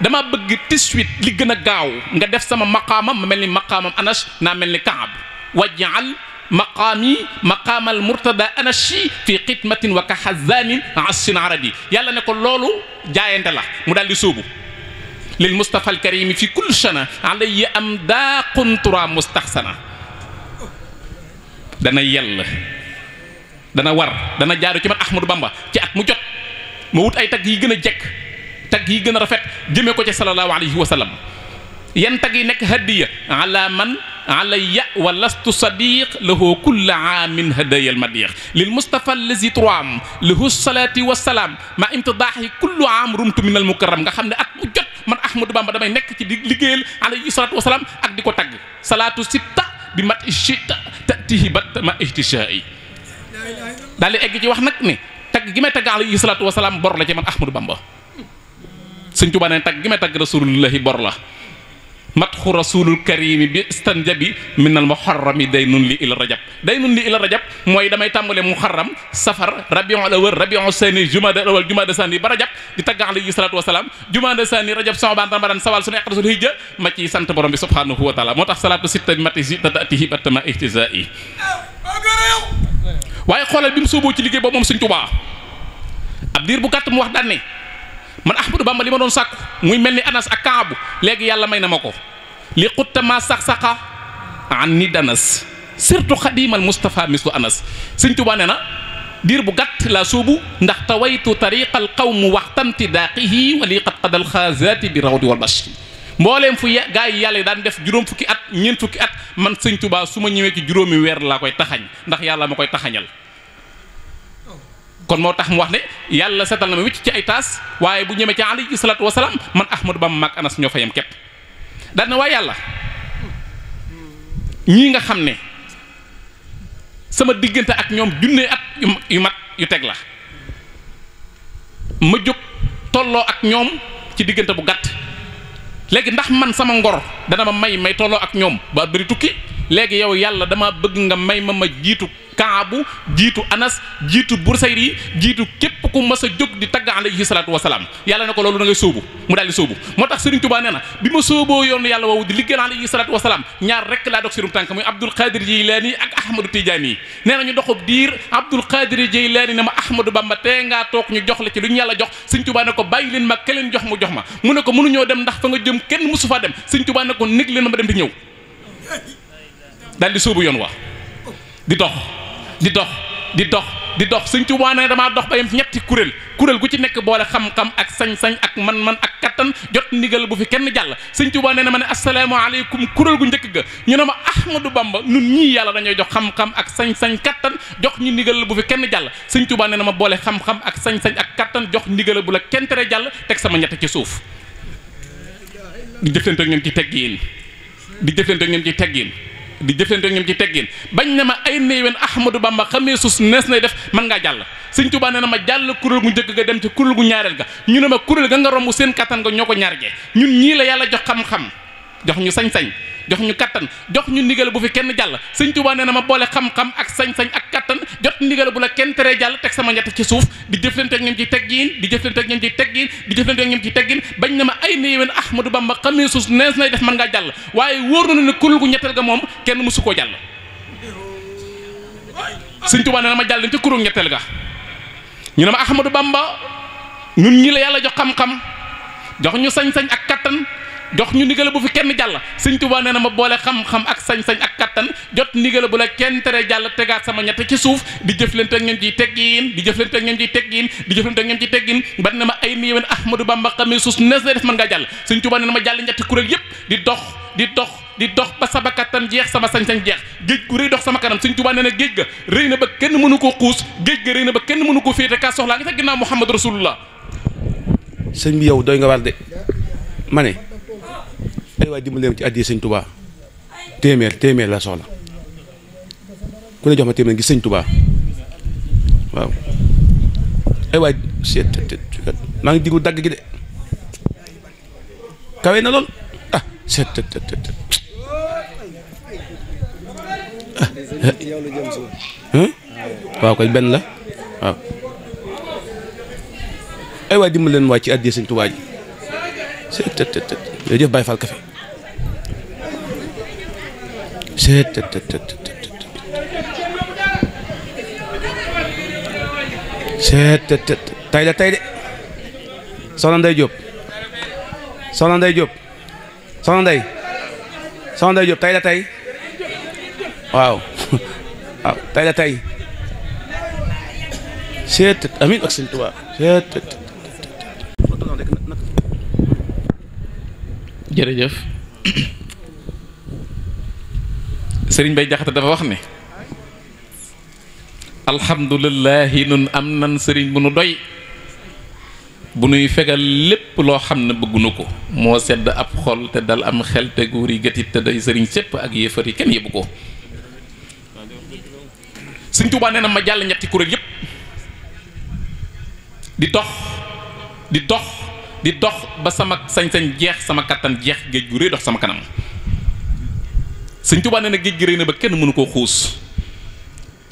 dama bëgg ti suite li gëna gaaw nga def sama maqamam ma melni maqamam anash na melni kaab wajal maqami maqaami al murtada anash fi qitmatin wa kahzan asin arabi yàlla ne ko lolu jaayante la mu daal di sóobu lil mustafa al karim fi kull sana alayya am daa quntura mustahsana dana yalla dana war dana jaaru ci man ahmadu bamba ci at mu jot mu wut ay tag yi gëna jek tag yi gën a rafet jëmee ko ci sallallahu alayhi wa sallam yan tag yi nekk hadiya ala man alayya wa lastu sadiq lahu kulla amin hadaya almadiq lil mustafa allazi turam lahu salati salam ma imtidaahi kullu aam rumtu min almukarram nga xam ne at jot man ahmadou bamba damay nekk ci di liggéeyal alayhi salatu wasalaam ak di ko salatu salaatu sitta bi mat ishita tatihi bat ma ihtishaai daal di egg ci wax nag ne tagg gi may tagg alayhi salatu bor la ci man bamba sëñ Tuubaa ne tag gi may tag rasulullahi bor la matxu rasulul karim bi istanjabi min al muharram daynun li ila rajab daynun li ila rajab moy damay tambale muharram safar rabiul al awal rabiul sani jumada al awal jumada sani ba rajab di tagg alayhi salatu wasalaam jumada sani rajab saban ramadan sawal sunu aqrasul hijja ma ci sante borom bi subhanahu wa taala motax salatu sita bi mati si tatatihi battama ihtizai waye xolal bim soobo ci liggéey boobu mom seigne touba abdir bu kat mu wax dal ne man Ahmadou Bamba li ma doon sàkku muy mel ni anas ak kaabu léegi yàlla may na ma ko li xutta ma sax-saqa an ni danas surtout xadimal Moustapha mislu anas sëñ Tuubaa nee na diir bu gàtt laa suubu ndax tawaytu tariqal qawmu waxtanti daaqihi wali qad qadal xaazaati bi rawdi wal bashi mbooleem fu gaa yi yàlla daan def juróom fukki at ñeent fukki at man sëñ Tuubaa su ma ñëwee ci juróomi weer laa koy taxañ ndax yàlla ma koy taxañal kon motax mu wax ne yalla setal na ma wicc ci ay tas waye bu ñëme ci alayhi salaatu wasallam man ahmad bam mak anas ño fayam kep dal na waaye yalla ñi nga xamne sama diggante ak ñom junne at yu mat yu teg la ma juk tolo ak ñom ci diggante bu gatt légui ndax man sama ngor dana ma may may tolo ak ñom ba bari tukki légui yow yalla dama bëgg nga may ma ma jitu kaabu jiitu anas jiitu bursayri jiitu képp ku mas a jóg di tagg alayhi salaatu wasalaam yàlla ne ko loolu da ngay sóobu mu daal di sóobu moo tax Serigne Touba ne na bi ma sóoboo yoonu yàlla woowu di liggéeyal alayhi salaatu wasalaam ñaar rek laa dog sirum tànk muy Abdul Qadir Jeylaani ak Ahmadou Tidiane yi nee na ñu doxub diir Abdul Qadir Jeylaani ne ma Ahmadou Bamba tee ngaa toog ñu jox la ci lu ñu yàlla jox Serigne Touba ne ko bàyyi leen ma keleen jox mu jox ma mu ne ko mënuñoo dem ndax fa nga jëm kenn musu fa dem Serigne Touba ne ko nég leen ma dem di ñëw daal di sóobu yoon wa di dox di dox di dox di dox sëñ Tuubaa ne damaa dox ba ñetti kuréel kuréel gu ci nekk boole xam-xam ak sañ-sañ ak man-man ak kattan jot ndigal bu fi kenn jàll sëñ Tuubaa nee na ma ne asalaamaaleykum kuréel gu njëkk ga ñu ne ma Ahmadou Bamba nun ñii yàlla dañoo jox xam ak sañ-sañ kattan jox ñu ndigal bu fi kenn jàll sëñ Tuubaa nee na ma boole xam-xam ak sañ-sañ ak kattan jox ndigalal bu la kenn tere jàll teg sama ñett ci suuf di jëflante ak ñoom ci teggin di jëflante ak ñoom ci teggin di jëflante ñoom ci teggin bañ na ma ay néewen Ahmadou Bamba xamee sus nees nay def mën ngaa jàll sëñ Tuubaa nee na ma jàll kuréel gu njëkk nga dem ci kuréel gu ñaareel ga ñu ne ma kuréel ga nga romb seen kattan ga ñoo ko ñaar ñun ñii la yàlla jox xam-xam jox ñu sañ-sañ jox ñu kattan jox ñu ndigal bu fi kenn jàll sëñ Tuubaa nee na ma boole xam-xam ak sañ-sañ ak kattan jot ndigal bu la kenn teree jàll teg sama ñett ci suuf di jëflante ak ñoom ci teggiin di jëflante ak ñoom ci teggiin di jëflante ak ñoom ci teggiin bañ na ma ay néewén Ahmadou Bamba xamee suus nees nay def mën ngaa waaye wóor na ne kuréel gu ñetteel ga moom kenn mësu koo jàll sëñ Tuubaa nee na ma jàll ci kuréel ñetteel ga ñu ne ma Ahmadou Bamba ñun ñi la yàlla jox xam-xam sañ-sañ ak kattan jox ñu ndigale bu fi kenn jàll sëñ Tuubaa nee na ma boole xam-xam ak sañ-sañ ak kattan jot ndigale bu la kenn tere jàll tegaat sama ñett ci suuf di jëflante ak ñoom ciy teggiin di jëflante ak ñoom ciy teggiin di jëflante ak ñoom ciy teggiin ba ne ma ay niiwén Ahmadou Bamba xamee suus nees na def mën ngaa jàll sëñ Tuubaa nee na ma jàll ñetti kuréel yépp di dox di dox di dox ba sama kattan jeex sama sañ-sañ jeex géej gu rëy dox sama kanam sëñ Tuubaa ne na géej ga rëy na ba kenn mënu ko xuus géej ga rëy na ba kenn mënu ko féete kaa soxlaa nga sa ginnaaw sëñ yow doy nga war ma ne ay waay dimbali leen ci addi sëñ tubaa téeméer téeméer la soxla ku ne jox ma téeméer gi sëñ tubaa waaw ay waay seet leen waay ci addi sëñ tubaa ji seet jërëjëf Baye Fall Café seet seet tey la tey de soxna Ndeye Diop soxna Ndeye Diop soxna Ndeye soxna Ndeye Diop tey la tey waaw waaw tey la tey seet amiin ak sëñ Tuubaa seet jërëjëf sering bay jaxate dafa wax ne Alhamdulillah nun amnan nan sëriñ bu nu doy bu nuy fegal ne ko sedd ab xol te dal am xel te góor yi gëtit te day sëriñ sépp ak yéefar yi kenn yëbu ko sëriñ ma ñetti di dox di dox di dox ba sama sañ-sañ jeex sama jeex sama kanam sëñ Tuubaa nee na géej gi rëy na ba kenn mënu koo xuus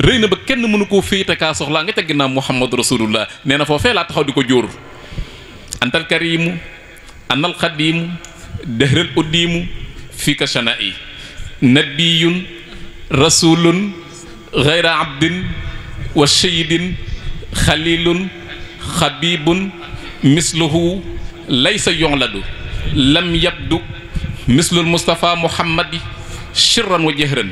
rëy na ba kenn mënu koo féete kaa soxlaa nga ca ginnaaw muhammadu rasulullah nee na foofee laa taxaw di ko jóor antal karimu annal xadimu dëhral uddimu fii ka shana i nabiyun rasulun gayra abdin wa shayidin xalilun xabibun misluhu laysa yonladu lam yabdu mislul mustapha muhammadi sirran wa jahran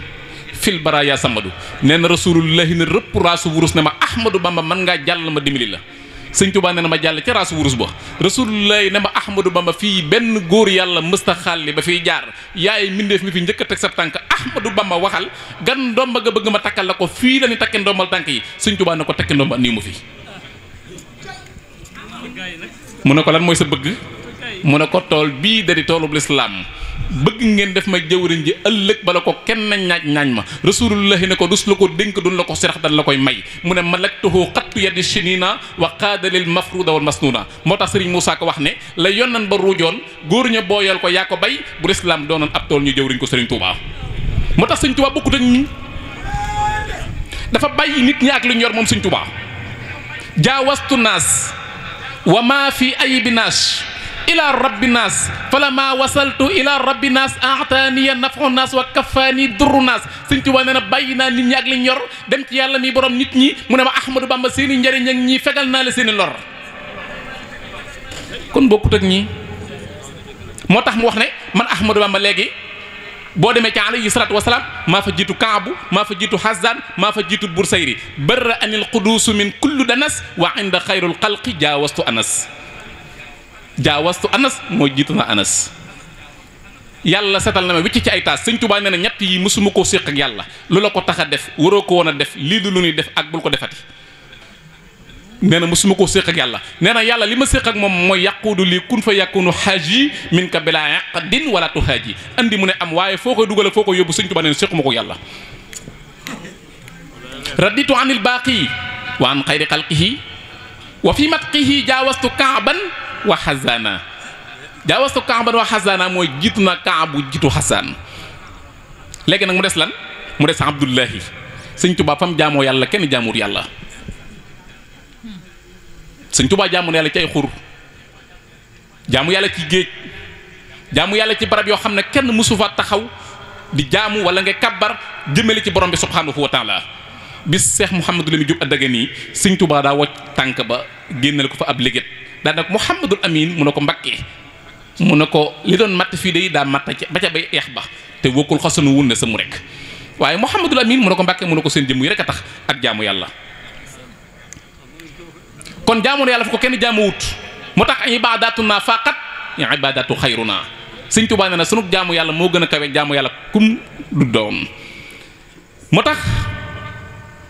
fil baraya samadu nee na rasulullahi ne rëpp raasu wurus ma ahmadu bamba man ngaa jàll ma dimbali la sëñ Tuubaa nee na ma jàll ca raasu wurus ba rasulullahi ne ma ahmadu bamba fii benn góor yàlla mësta xàlli ba fiy jaar yaay mbindeef mi fi njëkk teg sa tànk ahmadu bamba waxal gan ndomba nga bëgg ma takkal la ko fii la ñu takke ndombal tànk yi sëñ Tuubaa ne ko takke ndomba nii mu fi mu ne ko lan mooy sa bëgg mu ne ko tool bii da toolu toolub lislaam bëgg ngeen def ma jëwriñ ji ëllëg bala ko kenn ñaaj ñaañ ma rasulullahi ne ko dus la ko dénk duñ la ko sirax dan la koy may mu ne malaktuhu xattu yadi shinina wa qaadalil mafruda wal masnuna moo tax sëriñ Moussa ko wax ne la yonnan ba ruujoon góor ña booyal ko yaa ko bay bu lislaam doonoon ab tool ñu jëwriñ ko sëriñ Touba moo tax sëriñ Touba bokkut ak ñi dafa bàyyi nit ñi ak lu ñor moom sëriñ Touba jaawastu naas wa maa fi aybi naas ila rabbi naas falamma wasaltu ila rabbi naas aataaniya nafu naas wa kafaani durru naas sëñ Tuubaa nee na bàyyi naa nit ñi ak liñ yor dem ci yàlla mi borom nit ñi mu ne ma Ahmadou Bamba seen i njëriñ ak ñii fegal naa la seen lor kon bokkut ak ñii moo tax mu wax ne man Ahmadou Bamba léegi boo demee ci alayhi salaatu wasalaam maa fa jiitu kaabu maa fa jiitu xasaan maa fa jiitu bursayri barra anil quduusu min kullu danas wa inda xayrul xalqi jaawastu anas jaawastu anas mooy jiitu na anas yàlla setal na ma wicc ci ay taas sëñ Tuubaa nee na ñett yi mësuma koo séq ak yàlla lu la ko tax a def waroo ko wona def lii du lu ñuy def ak bul ko defati nee na mësuma koo séq ak yàlla nee na yàlla li ma séq ak moom mooy yàquudu lii kun fa yàkkunu xaaj yi min ka bilaa yàq din wala tu yi andi mu ne am waaye foo koy dugal foo koy yóbbu sëñ nee na séquma ko yàlla raditu anil baaqi wa an xayri xalqihi wa fi wa xasaana jaawastu kaaban wa xasaana mooy jiitu na kaabu jiitu xasaan léegi nag mu des lan mu des abdullahi sëñ tubaa fam jaamoo yàlla kenn jaamur yàlla sëñ tubaa jaamu yàlla ci ay xur jaamu yàlla ci géej jaamu yàlla ci barab yoo xam ne kenn mësu fa taxaw di jaamu wala nga kabbar jëmale ci borom bi subhanahu wa taala bis seex Mouhamadou Lamine Diop addaga nii sëñ Touba daa wocc tànk ba génnal ko fa ab léget daanaka Mouhamadul Amin mu ne ko mbakkee mu ne ko li doon matt fii day daa matt ba ca bay eex ba te wokkul xasanu wun na samu rek waaye Mouhamadul Amin mu ne ko mbakkee mu ne ko seen jëmm yi rek a tax ak jaamu yàlla. kon jaamono yàlla fu ko kenn jaamu wut moo tax ay ibaadaatu naa faqat ya ibaadaatu xayru naa sëñ Touba nee na sunu jaamu yàlla moo gën a kawe jaamu yàlla kum du doom moo tax.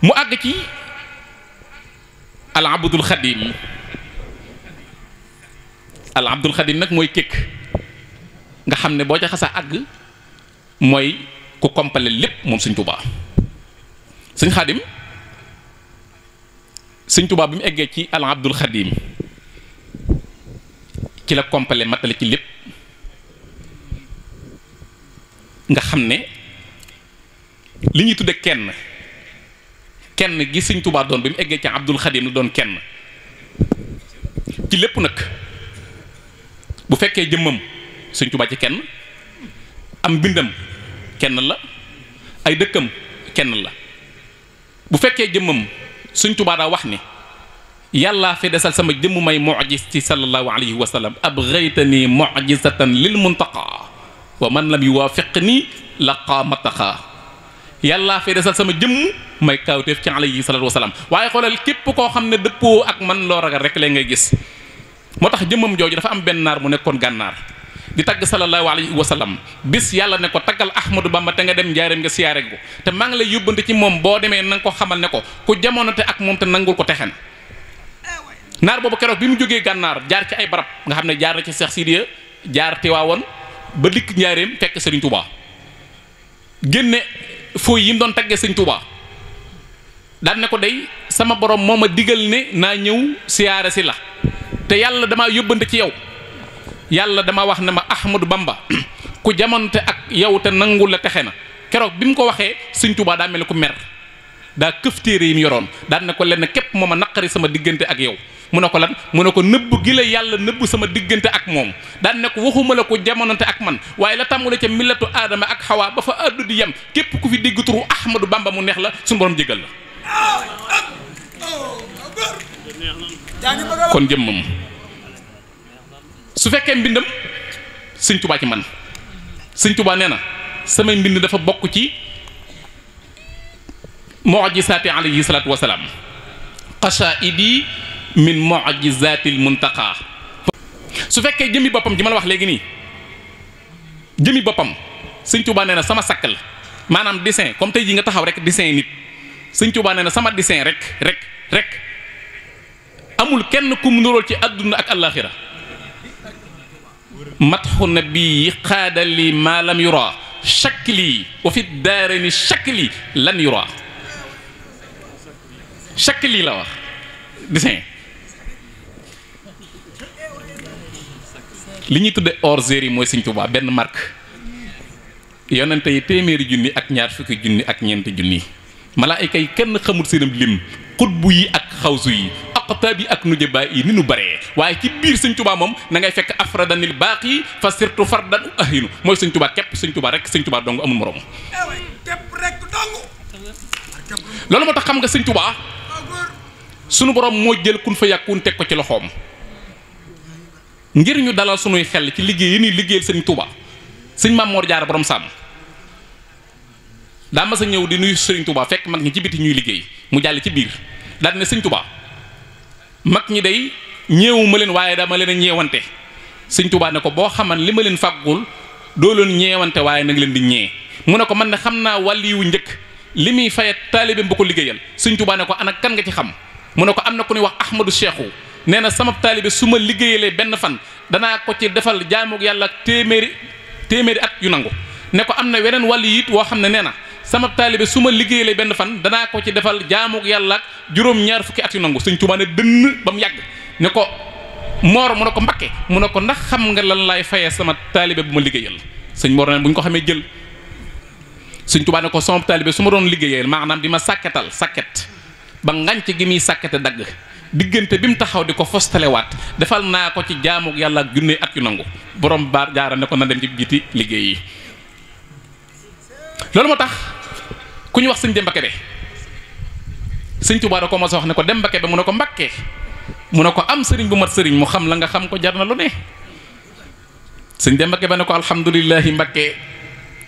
mu àgg ci al abdul xadim al abdul xadim nag mooy kékk nga xam ne boo ca xasa àgg mooy ku kompale lépp moom sëñ tubaa sëñ xadim sëñ tubaa bi mu eggee ci al abdul xadim ci la kompale matale ci lépp nga xam ne li ñuy tudd kenn كن جيسين توبا دون بيم إجتيا عبد الخادم دون كن كلب نك بفكر جمم سين توبا كن أم بندم كن لا أيدكم كن لا بفكر جمم سين توبا رواحني يلا في دسال سمج جمم ماي معجزة صلى الله عليه وسلم أبغيتني معجزة للمنتقى ومن لم يوافقني لقامتها yalla fi dessal sama jëm may kawtef ci alayhi salatu wasalaam waye xolal kep ko xamne ne ak man lo ragal rek lay ngay gis motax jëmum joju dafa am mu nekkon gannar di tag sallallahu alayhi wa bis yalla ne ko tagal ahmadu Bamba te nga dem jaarem nga siyaare go te mang lay yóbbante ci mom bo deme nang ko xamal ne ko ku jamono te ak mom te nangul ko texen nar bobu kero bi mu jógee jaar ci ay barab nga xamne jaar ci Cheikh jaar ba dik ñaarem fekk Serigne Touba genné fooy yi mu doon taggee sëñ Touba daan ne ko dey sama borom moo ma digal ne naa ñëw siyaare si la te yàlla damaa yóbbante ci yow yàlla damaa wax ne ma Ahmadou Bamba ku jamonte ak yow te nangu la texe na keroog bi mu ko waxee sëñ Touba daa mel ne ku mer daa këf téere mu yoroon daan ne ko lenn képp moo ma naqari sama diggante ak yow. mu ne ko lan mu ne ko nëbb gi la yàlla nëbb sama diggante ak moom daan ne ko waxuma la ko jamonante ak man waaye la tàmbale ca millatu aadama ak xawaa ba fa addu di yem képp ku fi dégg turu ahmadu bamba mu neex la su borom jégal la kon jëmmam su fekkee mbindam sëñ ci man sëñ tubaa nee na samay mbind dafa bokk ci mujisaati alayhi salaatu wasalaam xasaa idi min mu'jizatil muntaqa su fekkee jëmmi boppam ji ma la wax léegi nii jëmmi boppam sëñ Tuubaa nee na sama sakk la maanaam dessin comme tey ji nga taxaw rek dessin nit sëñ Tuubaa nee na sama dessin rek rek rek amul kenn ku mu nurool ci àdduna ak àllaaxira matxu nabii xaadali maa lam yura shakli wa fi daarani shakli lan yura shakli la wax dessin li ñuy tudde hors-série yi mooy Sëñ Tuubaa benn marque yonente yi téeméeri junni ak ñaar fukki junni ak ñeenti junni malaayka yi kenn xamul seenam lim xutbu yi ak xawsu yi aqtaab yi ak nujabaa yi ni nu baree waaye ci biir Sëñ tubaa moom na ngay fekk afradanil baax yi fa surtout fardan ahinu mooy Sëñ Tuubaa képp Sëñ Tuubaa rek Sëñ Tuubaa dong amul morom loolu moo tax xam nga Sëñ Tuubaa sunu borom moo jël kun fa yàkkun teg ko ci loxoom ngir ñu dalal sunuy xel ci liggéey yi ñuy liggéeyal sëñ Touba sëñ Maam Mor Jaara borom sàmm daa mas a ñëw di nuyu sëriñ Touba fekk mag ñi ci biti ñuy liggéey mu jàll ci biir daal ne sëñ Touba mag ñi day ñeewu leen waaye dama leen a ñeewante sëñ Touba ne ko boo xaman li ma leen fàggul doo leen ñeewante waaye nag leen di ñee mu ne ko man ne xam naa yiwu njëkk li muy fayet taalibeem bu ko liggéeyal sëñ Touba ne ko ana kan nga ci xam mu ne ko am na ku ñuy wax Ahmadou Cheikhou nee na sama taalibe su ma liggéeyalee benn fan dana ko ci defal jaamook yàlla ak téeméeri téeméeri at yu nangu ne ko am na weneen wàll yit woo xam ne nee na sama taalibe su ma liggéeyalee benn fan danaa ko ci defal jaamu yàlla juróom-ñaar fukki at yu nangu Sëñ Tuubaa ne dënn ba mu yàgg ne ko moor mu ne ko mbakke mu ne ko ndax xam nga lan laay fayee sama taalibe bu ma liggéeyal sëñ moor ne bu ñu ko xamee jël Sëñ Tuubaa ne ko sama taalibe su doon liggéeyal maanaam di ma sàkketal sàkket ba ngànc gi muy sàkkete dagg diggante bi mu taxaw di ko fostalewaat defal naa ko ci jaamu yàlla ak junne at yu nangu borom baar jaara ne ko na dem ci jiiti liggéey yi loolu moo tax ku ñu wax sëñ Demba Kebe sëñ Tuubaa da ko mos a wax ne ko Demba Kebe mu ne ko Mbakke mu ne ko am sëriñ bu mat sëriñ mu xam la nga xam ko jar na lu ne sëñ Demba Kebe ne ko alhamdulillahi Mbakke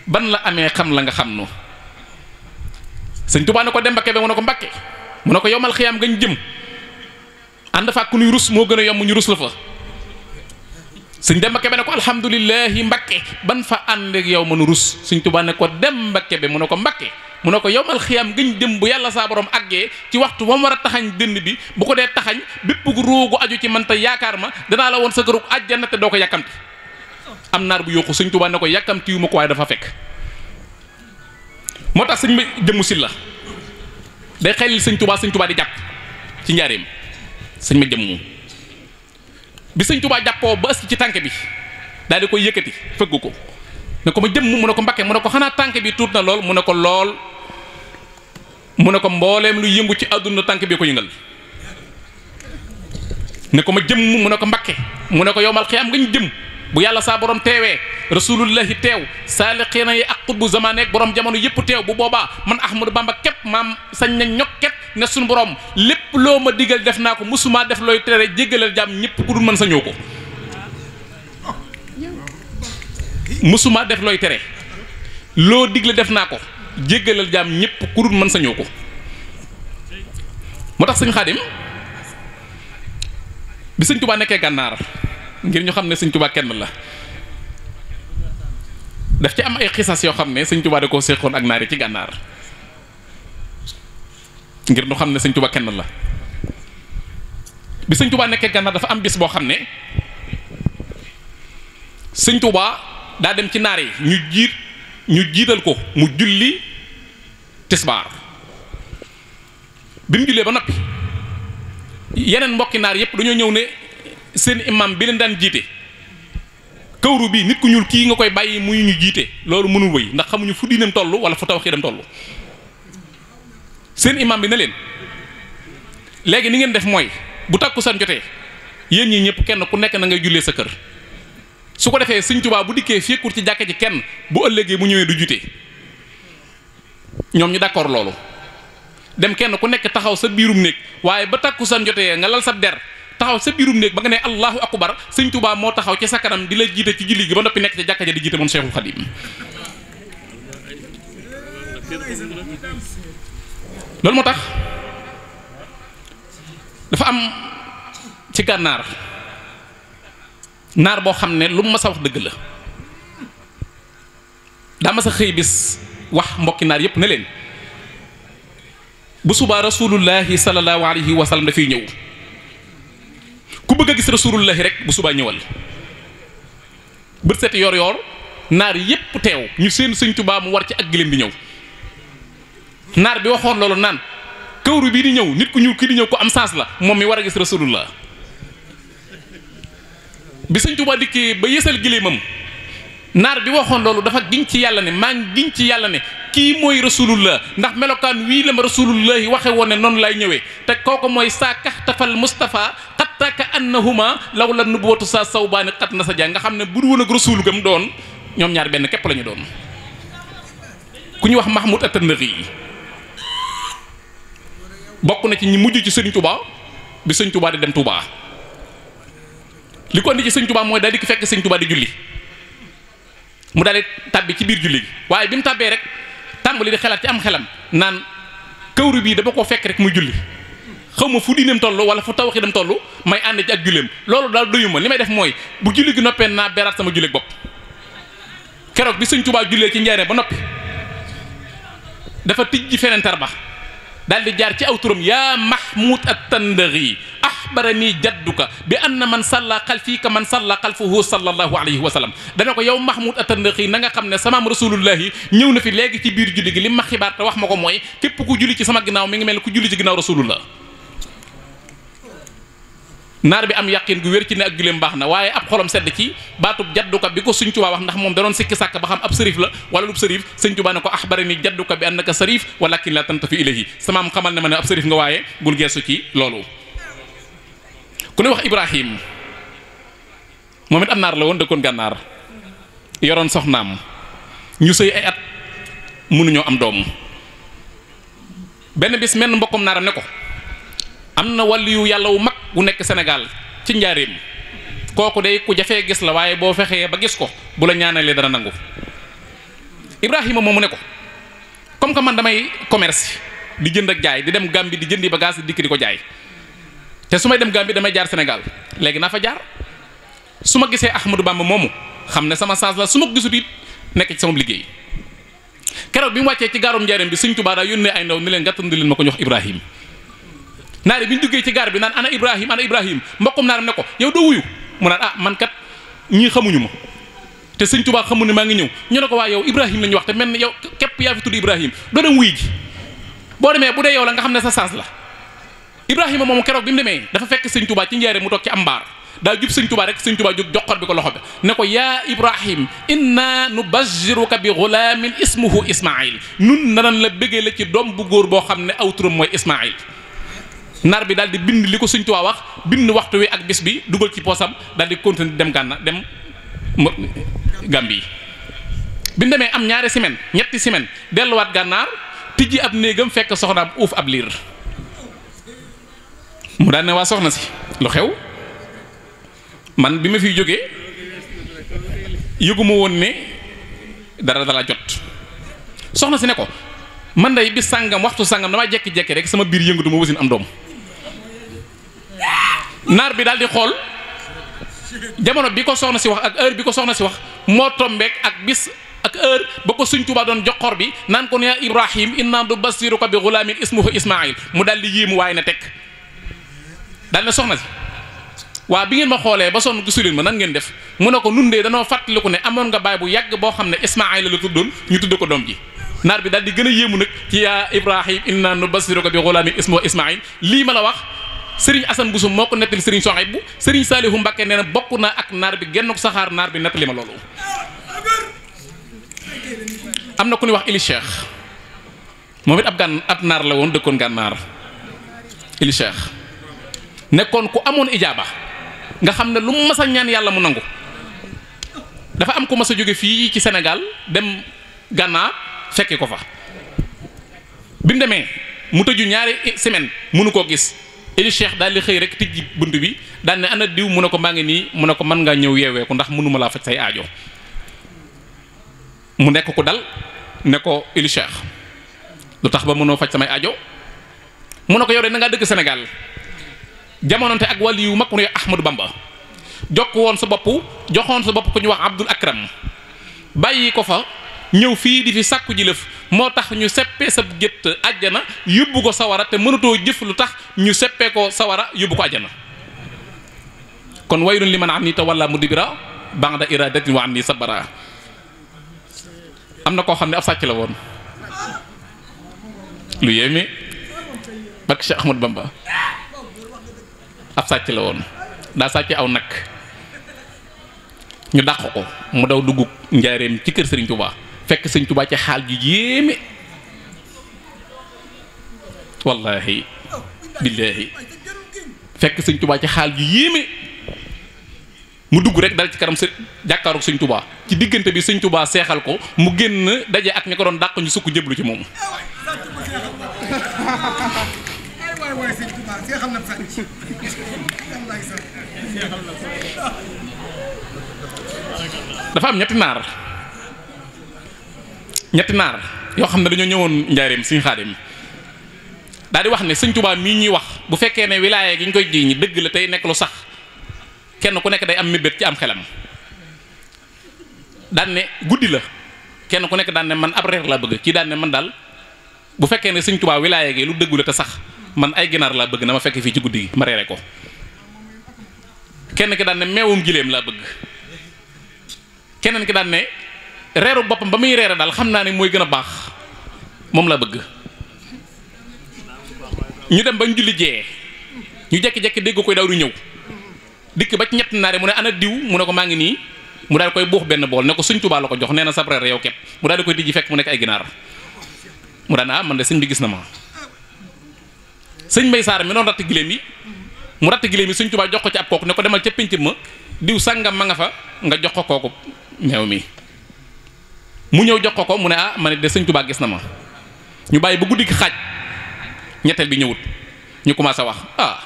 ban la amee xam la nga xam nu sëñ Tuubaa ne ko dembake Kebe mu ne ko Mbakke mu ne ko yowmal xiyaam gañ jëm Anda fa ku ñu rus mo gëna yom ñu rus la fa suñ dem bakke be ne alhamdullilah alhamdulilahi Mbakke ban fa ande ak yow mënu rus suñ tuba ne ko dem bakke be mu ne ko Mbakke mu ne ko yowmal xiyaam dem bu yalla sa borom agge ci waxtu ba mu war taxañ bi bu ko dee taxañ gu ruugu aju ci man ta yaakar ma danaa la won sa këru aljanna te doo ko am naar bu yoxu suñ tuba ne ko yakamti yu mako way dafa fek motax tax suñ ma day xelil suñ tuba suñ tuba di japp ci njaareem sëñ ma jëmm bi sëñ Touba jàppoo ba ësk ci tànk bi daal di koy yëkkati fëggu ko ne ko ma jëmm mu ne ko mbakke mu ne ko xanaa tànk bi tuut na lool mu ne ko lool mu ne ko mbooleem lu yëngu ci àdduna tànk bi ko yëngal ne ko ma jëmm mu ne ko mbakke mu ne ko yow mal am nga ñu jëm bu yàlla saa borom teewee rasulullahi teew saaliqiina yi ak xutbu zamaan ak borom jamono yëpp teew bu boobaa man Ahmadou Bamba kepp maam sañ na ñokket ne suñu boroom lépp loo ma digal def naa ko musuma def looy tere jàmm ñëpp ku mën sañoo ko musuma def looy tere loo digle def naa ko jéggalal jàmm ñëpp ku dul mën sañoo ko moo tax sëñ Xaadim bi sëñ Tuubaa nekkee gànnaar ngir ñu xam ne sëñ Tuubaa kenn la daf ci am ay xisas yoo xam ne sëñ Tuubaa da koo séqoon ak naar yi ci gànnaar ngir ñu xam ne sëñ Tuubaa kenn la bi sëñ Tuubaa nekkee gànnaar dafa am bis boo xam ne sëñ Tuubaa daa dem ci naar yi ñu jiit ñu jiital ko mu julli tisbaar bi jullee ba noppi yeneen mbokki naar yépp dañoo ñëw ne seen imam bi leen daan jiite kawru bi nit ku ñuul kii nga koy bàyyi muy ñu jiite loolu mënul wëy ndax xamuñu fu diinam toll wala fu taw xiidam toll seen imam bi na leen léegi ni ngeen def mooy bu takkusaan jotee yéen ñi ñëpp kenn ku nekk na ngay jullee sa kër su ko defee sëñ Tuubaa bu dikkee fi fekkul ci jàkka ji kenn bu ëllëgee bu ñëwee du jute ñoom ñu d'accord loolu dem kenn ku nekk taxaw sa biirum néeg waaye ba takkusaan jotee nga lal sa der taxaw sa biirum néeg ba nga ne allahu akbar sëñ Tuubaa moo taxaw ci sa kanam di la jiite ci julli gi ba noppi nekk ci jàkka ja di jiite moom Cheikhul Khadim loolu moo tax dafa am ci gànnaar naar boo xam ne lu mu mas wax dëgg la daa mas a xëy bis wax mbokki naar yépp ne leen bu subaa rasulullahi sallallahu alayhi wa sallam dafay ñëw ku bëgg a gis rasulullahi rek bu subaa ñëwal bët set yor yor naar yépp teew ñu seen sëñ Tuubaa mu war ci ak gëléem bi ñëw naar bi waxoon loolu naan kawru bii di ñëw nit ku ñuul kii di ñëw ku am saas la moom mi war a gis rasulullah bi sëñ Tuubaa dikkee ba yësal gëléemam naar bi waxoon loolu dafa giñ ci yàlla ne maa ngi giñ ci yàlla ne kii mooy rasulullah ndax melokaan wii la ma rasulullahi waxe woon ne noonu laay ñëwee te ko mooy saa kaxtafal Moustapha xattaa ka annahuma law la nubuwatu saa sawbaani xat na sa jàng nga xam ne bu dul woon ak rasul gam doon ñoom ñaar benn képp lañu ñu doon ku ñu wax Mahmoud At-Tandaxi yi bokk na ci ñi mujj ci sëñ Touba bi sëñ Touba di dem Touba li ko indi ci sëñ Touba mooy daal di fekk sëñ Touba di julli mu daal tàbbi ci biir julli gi waaye bi mu rek. tàmbali di xalaat ci am xelam naan kawru bii dafa koo fekk rek mu julli xaw ma fu diineem toll wala fu taw xidam toll may ànd ci ak julleem loolu daal doyu ma li may def mooy bu julli gi noppee naa beraat sama julleeg bopp keroog bi sëñ Tuubaa jullee ci njaaree ba noppi dafa tijji feneen tarba daal di jaar ci aw turam yaa Mahmoud at yi axbarani jadduka bi anna man salla xalfika man salla xalfuhu sallallahu alayhi wa sallam dana ko yow mahmoud atandaxi na nga xam ne samaam rasulullahi ñëw na fi léegi ci biir julli gi li ma xibaar te wax ma ko mooy képp ku julli ci sama ginnaaw mi ngi mel ku julli ci ginnaaw rasulullah naar bi am yàqin gu wér ci ne ak juleem baax na waaye ab xolam sedd ci baatub jadduka bi ko Sëñ Tuubaa wax ndax moom da doon sikki sàkk ba xam ab sërif la wala lub sërif Sëñ Tuubaa ne ko axbarani jadduka bi annaka sërif walakin la tantafi ilayhi samaam xamal ne ma ne ab sërif nga waaye bul geesu ci loolu ku ne wax ibrahim momit annar la won de kon dëkkoon yoron soxnam ñu sey ay at mënuñoo am dom ben bis men mbokum nara ne ko amna waliyu yalla wu mak wu nek senegal ci njarim koku day ku jafé gis la waye bo fexé ba gis ko bu la ñaanalee dara nangu ibrahim moom mu ne ko comme que man damay commerce di jënd ak jaay di dem Gambie di jëndi bagage di kiri di ko jaay te su may dem bi damay jaar Sénégal léegi naa fa jaar su ma gisee Ahmadou Bamba moomu xam ne sama chance la su ma ko gisut it nekk ci sama liggéey keroog bi mu wàccee ci gaarum Njaaréem bi Sëñ tubaa daa yónnee ay ndaw ni leen gàttandu leen ma ko ñu wax Ibrahim naar yi bi ñu duggee ci gaar bi naan ana Ibrahim ana Ibrahim mbokkum naaram ne ko yow doo wuyu mu naan ah man kat ñii xamuñu ma te Sëñ Tuubaa xamu ne maa ngi ñëw ñu ne ko waa yow Ibrahim la ñu wax te mel ne yow képp yaa fi tudd Ibrahim doo dem wuyu boo demee bu dee yow la nga xam ne sa chance la Ibrahima moom keroog bi mu demee dafa fekk sëñ Touba ci njaare mu toog ci am mbaar daa jub sëñ Touba rek sëñ Touba jóg joxoon bi ko loxo bi ne ko yaa Ibrahim inna nubashiruka bi ghulamin ismuhu Ismail nun nanan la bëggee la ci doom bu góor boo xam ne aw turam mooy Ismail naar bi daal di bind li ko sëñ Touba wax bind waxtu wi ak bis bi dugal ci poosam daal di continuer dem gànna dem Gambie bi mu demee am ñaari semaine ñetti semaine delluwaat gànnaar tijji ab néegam fekk soxnaam ab liir mu daan ne waa soxna si lu xew man bi ma fiy jógee yëguma woon ne dara dala jot soxna si ne ko man day bis sàngam waxtu sàngam damaa jekki-jekki rek sama biir yëngatu ma wasin am doom naar bi daal di xool jamono bi ko soxna si wax ak heure bi ko soxna si wax moo tombeek ak bis ak heure ba ko suñ tuba doon joxor bi naan ko ne ya Ibrahim inna du basiruka bi gulamin ismuhu Ismail, mu daal di yéemu na daal na soxna si waa bi ngeen ma xoolee ba sonn gisu ma nan ngeen def mu ne ko nun dee danoo fàttaliku ne amoon nga baay bu yàgg boo xam ne Ismaayla la tuddoon ñu tudd ko doom ji naar bi daal di gën a yéemu nag ci yaa Ibrahim inna nubasiruka bi xulaamin ismo Ismaayil lii ma la wax sëriñ Assane Bousso moo ko nettali Serigne Soxayb bu Serigne Saalihu Mbakke nee na bokk naa ak naar bi genn ko saxaar naar bi nettali ma loolu. am na ku ñuy wax Ili Cheikh moom it ab naar la woon dëkkoon gànnaar Ili Nekonku ku amone ijaba nga xamne lu mu ñaan yalla mu nangu dafa am ku mas a jóge ci senegal dem ganna fekke ko fa bi mu mu tëju ñaari semaine mënu ko gis Eli Cheikh dal li xey rek tijji buntu bi dal ne ana diw mu ne ko maa ngi nii mu ne ko ko ndax mënuma laa faj say aajo mu nekk ko dal ne Eli Cheikh lutax ba mënoo faj samay aajo mu yow de na jamonante ak waliyu mak mu Ahmad bamba jokk won sa Johon joxon sa bop wax abdul akram bayyi ko fa ñew fi di fi sakku ji leuf motax ñu seppé sa gétt aljana yubbu ko sawara te mënuto jëf lu tax ñu seppé ko sawara yubbu ko aljana kon wayrun liman amni tawalla mudibira ba'da iradatin wa amni sabara amna ko koo ab la won lu yemi bak Cheikh Ahmad Bamba ab sàcc la woon daa sàcc aw nag ñu dàq ko mu daw dugg njaareem ci kër sëriñ Touba fekk sëriñ Touba ci xaal ju yéeme wallaahi billaahi fekk sëriñ Touba ci xaal ju yéeme mu dugg rek dal ci kanam sa jàkkaaru sëriñ Touba ci diggante bi sëriñ Touba seexal ko mu génn daje ak ñi ko doon dàq ñu sukk jëblu ci moom dafa am ñetti naar ñetti naar yoo xam ne dañoo ñëwoon njaareem suñu xaadim daal di wax ne sëñ Touba mii ñuy wax bu fekkee ne wilaya gi ñu koy ji ñi dëgg la tey nekk lu sax kenn ku nekk day am mébét ci am xelam daan ne guddi la kenn ku nekk daan ne man ab reer laa bëgg ci daan man daal bu fekkee ne sëñ Touba wilaya gi lu dëggu te sax man ay ginaar laa bëgg na ma fekk fii ci guddi gi ma reere ko kenn ki daan ne meewum gileem laa bëgg keneen ki daan ne reeru boppam ba muy reere daal xam naa ne mooy gën a baax moom laa bëgg ñu dem ba ñu julli jee ñu jekki-jekki dégg koy daw di ñëw dikk ba ci ñett naare mu ne ana diw mu ne ko maa ngi nii mu daal koy buux benn bool ne ko suñ tubaa la ko jox nee na sabrere yow képp mu daal di koy tijji fekk mu nekk ay ginaar mu daan ah man de sëñ bi gis na ma seigne may Saar mi non ratt giléem yi mu ratt giléem yi seigne touba jox ko ci ap kok ne ko demal ci pinci ma diw sangam ma nga fa nga jox ko kok meew mi mu ñew jox ko ko mu ne ah ma de seigne touba gis na ma ñu baye bu guddik xaj ñettal bi ñewut ñu commencé wax ah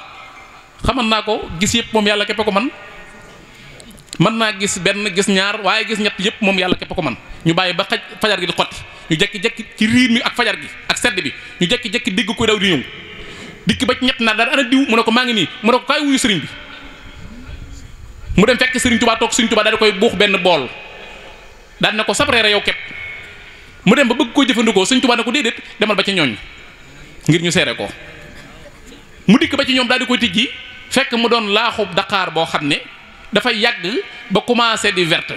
xamal na ko gis yep mom yalla kepp ko man man na gis ben gis ñaar waye gis ñet yep mom yalla kepp ko man ñu baye ba xaj fajar gi di xoti ñu jekki-jekki ci riir mi ak fajar gi ak sedd bi ñu jekki-jekki dégg koy daw di dikki ba ñet na dara ana diw mu ne ko maa ngi nii mu ne ko kay wuyu serigne bi mu dem fekk serigne tuba tok serigne tuba dal di koy buux ben bol dal ne ko sab reere yow kep mu dem ba bëgg ko jëfëndiko serigne tuba ne ko Dakar demal ba ci ñooñ ngir ñu séré ko mu dikk ba ci ñoom dal di koy tijji fekk mu la xub dakar bo xamne ne fay yag ba commencer di verte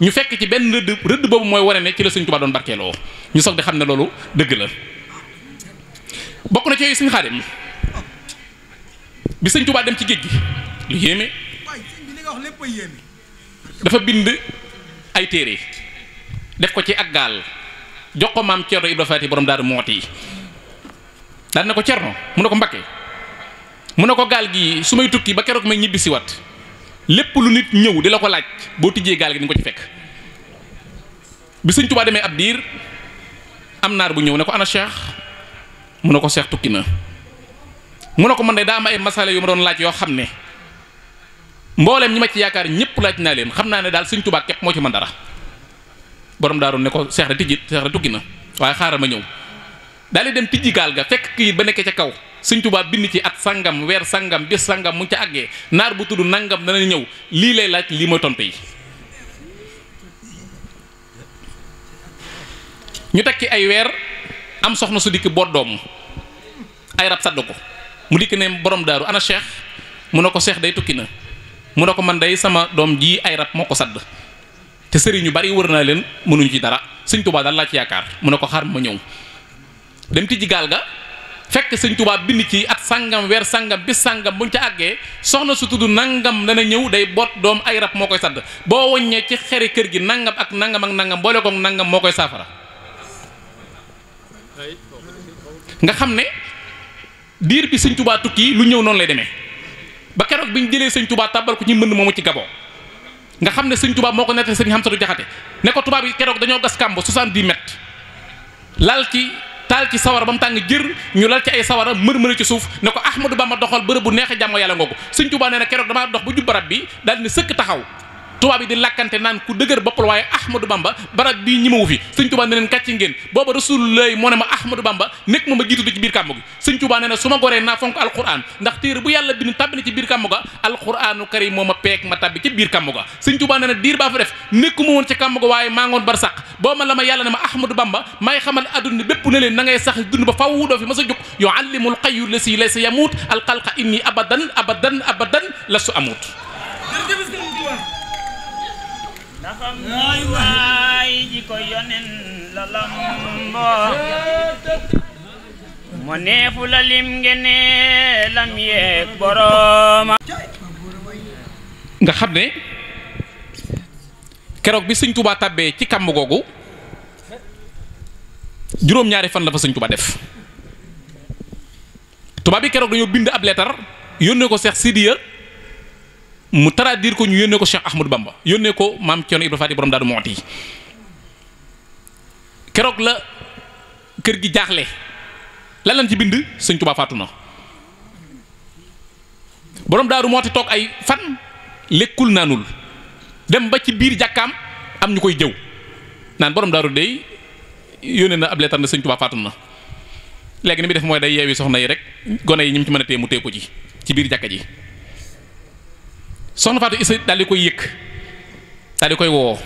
ñu fekk ci ben rëdd rëdd bobu moy wane ne ci la serigne tuba don barkelo ñu di xamne lolu deug la bokk na ci yooyu sëñ xaadim bi sëñ Tuubaa dem ci géej gi lu yéeme dafa bind ay téere def ko ci ak gaal jox ko maam Cerno Ibra Faati borom daaru mooti daan na ko Cerno mu ne ko Mbakke mu ne ko gaal gi su may tukki ba keroog may ñibbi wat lépp lu nit ñëw di la ko laaj boo tijjee gaal gi ni ko ci fekk bi sëñ Tuubaa demee ab diir am naar bu ñëw ne ko ana mu ne ko seex tukki na ko man day daa am ay masala yu ma don laaj yo xamne mbollem ñima ci yaakar ñepp laaj na leen xamna ne dal seigne touba kep mo ci man dara borom daaru ne ko cheikh da tijji cheikh da tukina na waaye ma ñëw dem tijji ga fekk ki ba nekk ci kaw seigne touba bind ci at sangam wer sangam bis sangam mu ci agge nar bu tuddu nangam dana ñew li lay laaj li mo tontu ñu takki ay wer am soxna su dik bodom ay rap sadoko mu dik ne borom daru ana cheikh mu cheikh day tukina mu man day sama dom ji ay rap moko sad te serignu bari wër len munuñ ci dara serigne touba dal la ci yakar mu ne ma ñew dem ga fekk serigne touba bind ci at sanggam wer sangam bis sangam buñ ci agge soxna su tuddu nangam dana ñew day bot dom ay rap moo sad bo boo ci xeri kër gi nangam ak nangam ak nangam le ko nangam safara nga xam ne diir bi sëñ tubaa tukki lu ñëw noonu lay demee ba keroog bi ñu jëlee sëñ tubaa tàbbal ko ci mbënd moomu ci gaboo nga xam ne sëñ tubaa moo ko nettali sëñ Hamsatu Jaxate ne ko tubaab yi keroog dañoo gas kàmb 70 mètres lal ci taal ci sawara ba mu tàng jër ñu lal ci ay sawara mër-mëri ci suuf ne ko ba ma doxal bërëb bu neexe jàmm yàlla ngoogu sëñ tubaa nee na keroog damaa dox ba jub barab bi daal ni sëkk taxaw tubaab yi di lakkante naan ku dëgër bopp la waaye ahmadou bamba barab bii ñi ma wu fi sëñ tubaa ne leen ngeen booba rasulullahi moo ne ma ahmadou bamba nekk ma ma jiitu ci biir kàmm gi sëñ tubaa ne na su ma goree naa fonk alquran ndax téere bu yàlla bind tàbbi na ci biir kàmm ga alquranu karim ma peek ma tàbbi ci biir kàmm ga sëñ tubaa ne diir baa fa def nekkuma woon ci kàmm ga waaye maa ngoon bar sàq booba la ma yàlla ne ma ba faw doo fi xam ni nga xam ne keroog bi sëñ Touba tàbbee ci kàmm googu juróom-ñaari fan la fa sëñ Touba def Touba bi keroog dañoo bind ab leetar yónnee ko Seex Sidiya mu traduire ko ñu yónnee ko Cheikh Ahmadou Bamba yónnee ko maam Thierno Ibrahima Fati borom daal moo ti keroog la kër gi jaaxle lan lañ ci bind sëñ Tuubaa faatu na borom daaru moo ti toog ay fan lekkul naanul dem ba ci biir jàkkaam am ñu koy jëw naan borom daaru dey yónnee na ab leetar na sëñ Tuubaa faatu na léegi ni muy def mooy day yeewi soxna yi rek gone yi ñu mu ci mën mu téye ko ji ci biir jàkka ji soxna Fatou Issa daal di koy yëkk daal di koy woo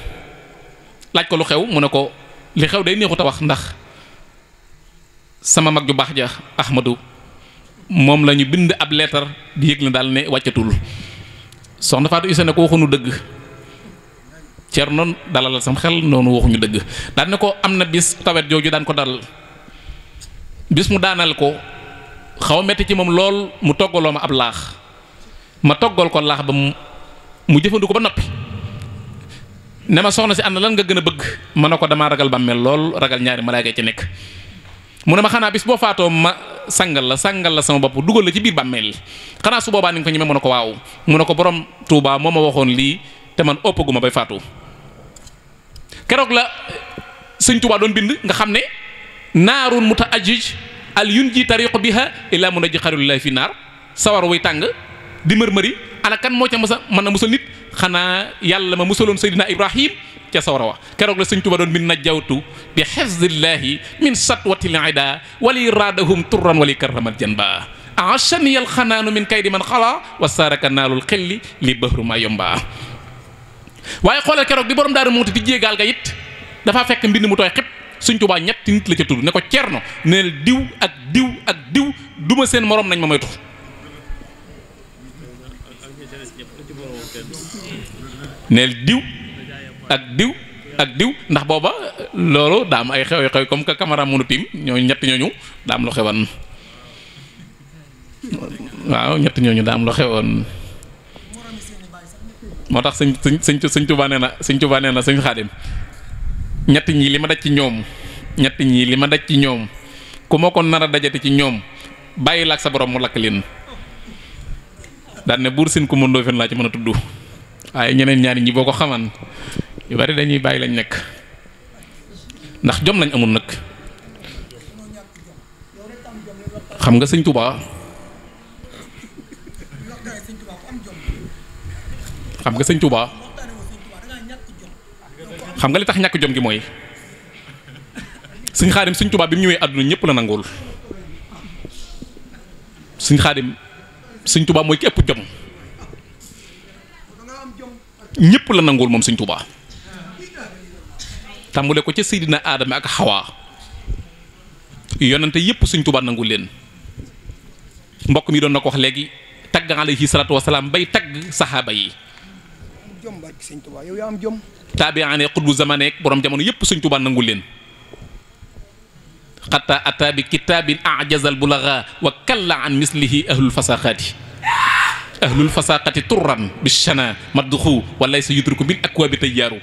laaj ko lu xew mu ne ko li xew day neexut wax ndax sama mag ju baax ja Ahmadou moom la bind ab leetar di yëg la daal ne wàccatul soxna Fatou Issa ne ko waxuñu dëgg ceer noonu la sam xel noonu waxuñu dëgg daan ne ko am na bis tawet jooju daan ko dal bis mu daanal ko xaw a metti ci moom lool mu toggaloo ma ab laax ma toggal ko laax ba mu jëfandu ko ba nopi ne ma soxna si and lan nga gëna bëgg manako dama ragal ba ragal bàmmeel lool ragal ñaari malaika ci nek mu ne ma xana bis bo faato ma sangal la sangal la sama bop duugal la ci biir mel xana su boba ni nga ko ñemee mu waaw mu ne ko borom Touba moma waxon li te man oppuguma bay faatu kérok la sëñ Touba doon bind nga xamne ne naarun muta ajij al yun ji biha ila munajjarul lahi fi nar sawar way tang di mërmëri ana kan moo ca mësa mën a musal nit xanaa yàlla ma musaloon Seydina Ibrahim ca sawara wa keroog la sëñ Tuba doon min najawtu bi xifdillahi min satwatil ida wali raadahum turran wali karramal janba achani al xanaanu min kaydi man xala wa saaraka naalul xelli li bahru ma yomba waaye xoolal keroog bi borom daaru muuti di jéegaal ga it dafa fekk mbind mu tooy xib sëñ Tuba ñetti nit la ca tudd ne ko cerno neel diw ak diw ak diw duma seen morom nañ ma neel diw ak diw ak diw ndax booba loolu daa am ay xew xew comme que camara mënu tiim ñooñu ñett ñooñu daa am lu xewoon ñett ñooñu daa am moo tax sëñ sëñ sëñ Tuubaa nee na sëñ Tuubaa na sëñ Xaadim ñett ñii li ma daj ci ñoom ñett ñii li ma daj ci ñoom ku ma ko nar a dajati ci ñoom bàyyi la ak sa borom mu lakk leen daan ne buur sin ku mëndoo fen laa ci mën a tudd ay ñeneen ñaari ñi boko ko xaman yu bari dañuy bay lañ nek ndax jom lañ amul nak xam nga sëñ Touba xam nga sëñ Touba xam nga li tax ñak jom gi moy sëñ xaadim sëñ Touba bimu ñewé aduna ñepp la nangul sëñ xaadim sëñ Touba moy képp jom ñépp la nanguwul moom sëñ Tuubaa tàmbale ko ca Seydina Adama ak Xawaa yonante yëpp sëñ Tuubaa nangu leen mbokk mi doon na ko wax léegi tagg alayhi salaatu wasalaam bay tagg saxaaba yi taabiyaane xutbu zamaneek boroom jamono yëpp sëñ Tuubaa nangul leen xataa ataa bi kitaabin ajazal bulaga wa kalla an mislihi ahlul fasaxaati ahlul fasaqati turran bishana madkhu walaysa sa yudriku bil akwa bi tayyaru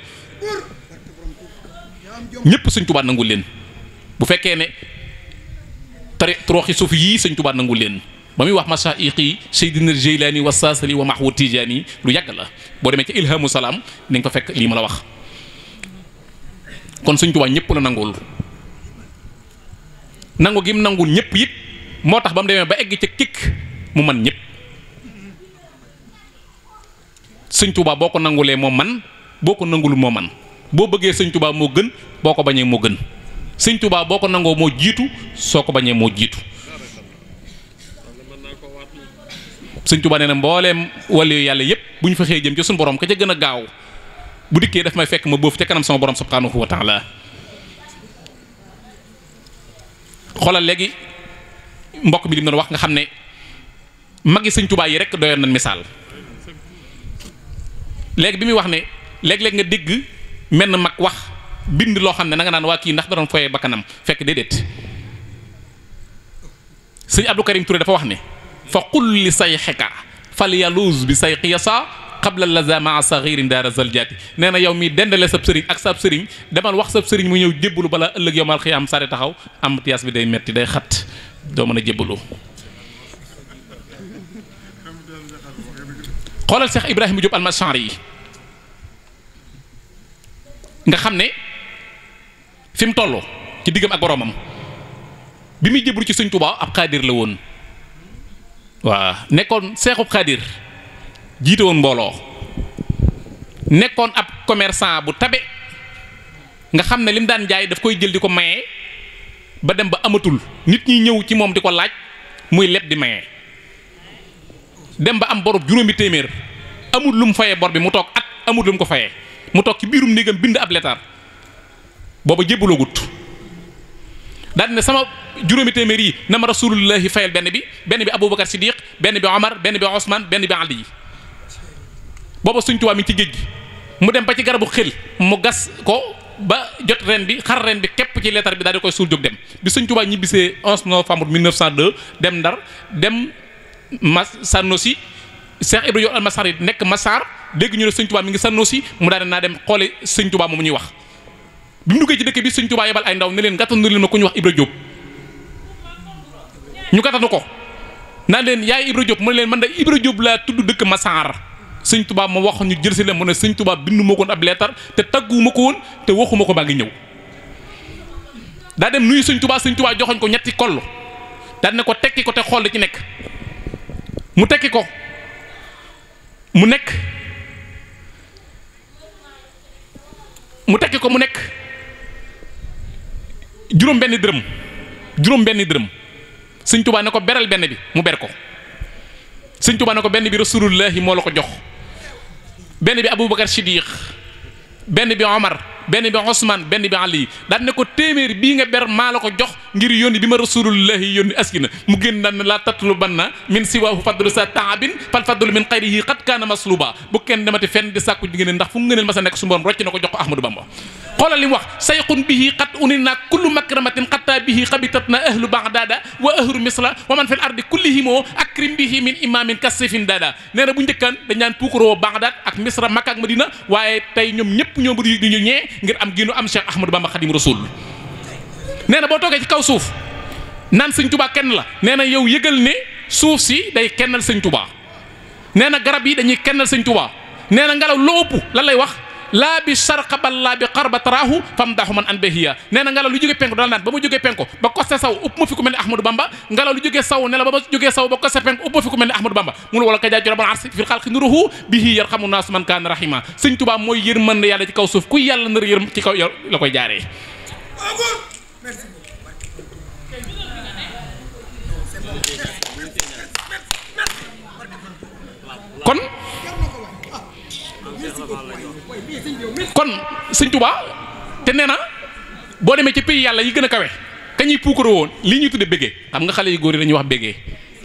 ñepp seigne touba nangul len bu fekke ne tari sufi seigne touba nangul len bamuy wax mashayiqi sayyidina jilani jailani wa mahwuti jani tijani lu yag bo demé ci ilhamu salam ding fa fek li mala wax kon seigne touba ñepp la nangul nangu nangul ñepp yit motax bam démé ba egg ci kik mu man ñepp sëñ Touba boo ko nangulee moo man boo ko nangul moo man boo bëggee sëñ Touba moo gën boo ko bañee moo gën sëñ Touba boo ko nangoo moo jiitu soo ko bañee moo jiitu sëñ Touba nee na mbooleem wàllu yàlla yépp bu ñu fexee jëm ci suñu borom ka ca gën a gaaw bu dikkee daf may fekk ma boofu ca kanam sama borom subhanahu wa taala xoolal léegi mbokk bi li mu doon wax nga xam ne magi sëñ Touba yi rek doyoon nañ misaal. léegi bi muy wax ne léeg-léeg nga dégg menn mag wax bind loo xam ne na naan waa kii ndax da doon bakkanam fekk déedéet sëñ Abdou Karim Touré dafa wax ne fa qul li say xeka fal yaluuz bi say qiyasa qabla laza maa saxirin daara zaljaati nee na yow mi dendale sab sëriñ ak sab sëriñ demal wax sab sëriñ mu ñëw jébbalu balaa ëllëg yow mal xiyaam sare taxaw am tiyaas bi day metti day xat doo mën a jébbalu xoolal Cheikh Ibrahima Diop almashanri yi nga xam ne fi mu toll ci diggam ak boromam bi muy jëbru ci Sëñ Tuubaa ab xaadir la woon waa nekkoon seexub xaadir jiite woon mbooloo nekkoon ab commerçant bu tabe nga xam ne lim daan jaay daf koy jël di ko maye ba dem ba amatul nit ñi ñëw ci moom di ko laaj muy leb di maye. dem ba am borub juróomi temer amul lum fayé fayee bor bi mu tok at amul lum ko fayé mu tok ci birum negam bind ab leetaar bobu jébbaloo gut daal ne sama juróomi temer yi na ma rasulullah fayal ben bi ben bi bakkar Siddiq ben bi Omar ben bi usman ben bi Ali bobu seigne touba mi ci geej mu dem ba ci garabu xel mu gas ko ba jot ren bi xar ren bi kep ci leetar bi dal di koy sul jóg dem bi seigne touba ñibise 11 novembre 1902 dem dar dem mas sanusi Cheikh ibu al masari nek masar masar, ñu ne sëñ Tuubaa mi ngi sànnosi mu daal naa dem xoole sëñ Tuubaa moom ñuy wax bi mu duggee ci dëkk bi sëñ Tuubaa yebal ay ndaw ne leen gàttandu leen ma ku ñu wax Ibra Diop ñu gàttandu ko naan leen yaay Diop mu leen man de Ibra Diop laa tudd dëkk Massar sëñ Tuubaa ma wax ñu jël ne bindu te tagguwuma ko te da dem nuyu sëñ tuba sëñ tuba joxoñ ko ñetti koll daal ne ko tekki ko te xol ci nek mu tekki ko mu nekk mu tekki ko mu nekk juróom benn dërëm juróom benn dërëm sëñ tubaa ne ko beral benn bi mu ber ko sëñ tubaa ne ko benn bi rasulullahi moo la ko jox benn bi aboubacar siddiq benn bi omar benn bi Ousmane benn bi Ali daan ne ko téeméer bii nga ber maa la ko jox ngir yónni bi ma rasulullahi yónni askina mu génn daan laa tatlubanna min siwaahu fadlu sa taabin fal fadlu min xayrihi qad kaana masluba bu kenn demati fenn di sàkku ji ngeen ndax fu ngeen ma sa nekk su mborom rocc na ko jox ko Bamba xoolal wax sayqun bihi qad unina kullu makramatin xatta bihi xabitatna ahlu bagdada wa ahlu misra wa man fil ardi kullihimoo na ak waaye tey ñoom ñëpp ñoo bëri ñee ngir am gi nu am Cheikh Ahmadou Bamba Khadim Rasoul nee na boo toogee ci kaw suuf naan sëñ tubaa kenn la nee na yow yëgal ne suuf si day kennal sëñ tubaa nee na garab yi dañuy kennal sëñ tubaa nee na ngelaw loo ëpp lan lay wax laa bi sarqa bal laa bi xarba taraahu fam daaxu man an bahiya nee na ngelaw lu jógee penku dala naan ba mu jógee penku ba koste saw upp ma fi ku mel ne ahmadou bamba ngelaw lu jógee saw ne la ba ma jógee saw ba koste penku upp ma fi ku mel ne ahmadou bamba mu ne wala ka jaaju rabal arsi fil xalqi nuruhu bihi yarxamu naasu man kaana rahima sëñ tubaa mooy yërmande yàlla ci kaw suuf ku yàlla nar yërm ci kaw la koy jaaree kon kon sëñ Touba te nee na boo demee ci pays yàlla yi gën a kawe kañuy puukaroo woon lii ñuy tudde béggee xam nga xale yu góor yi dañuy wax béggee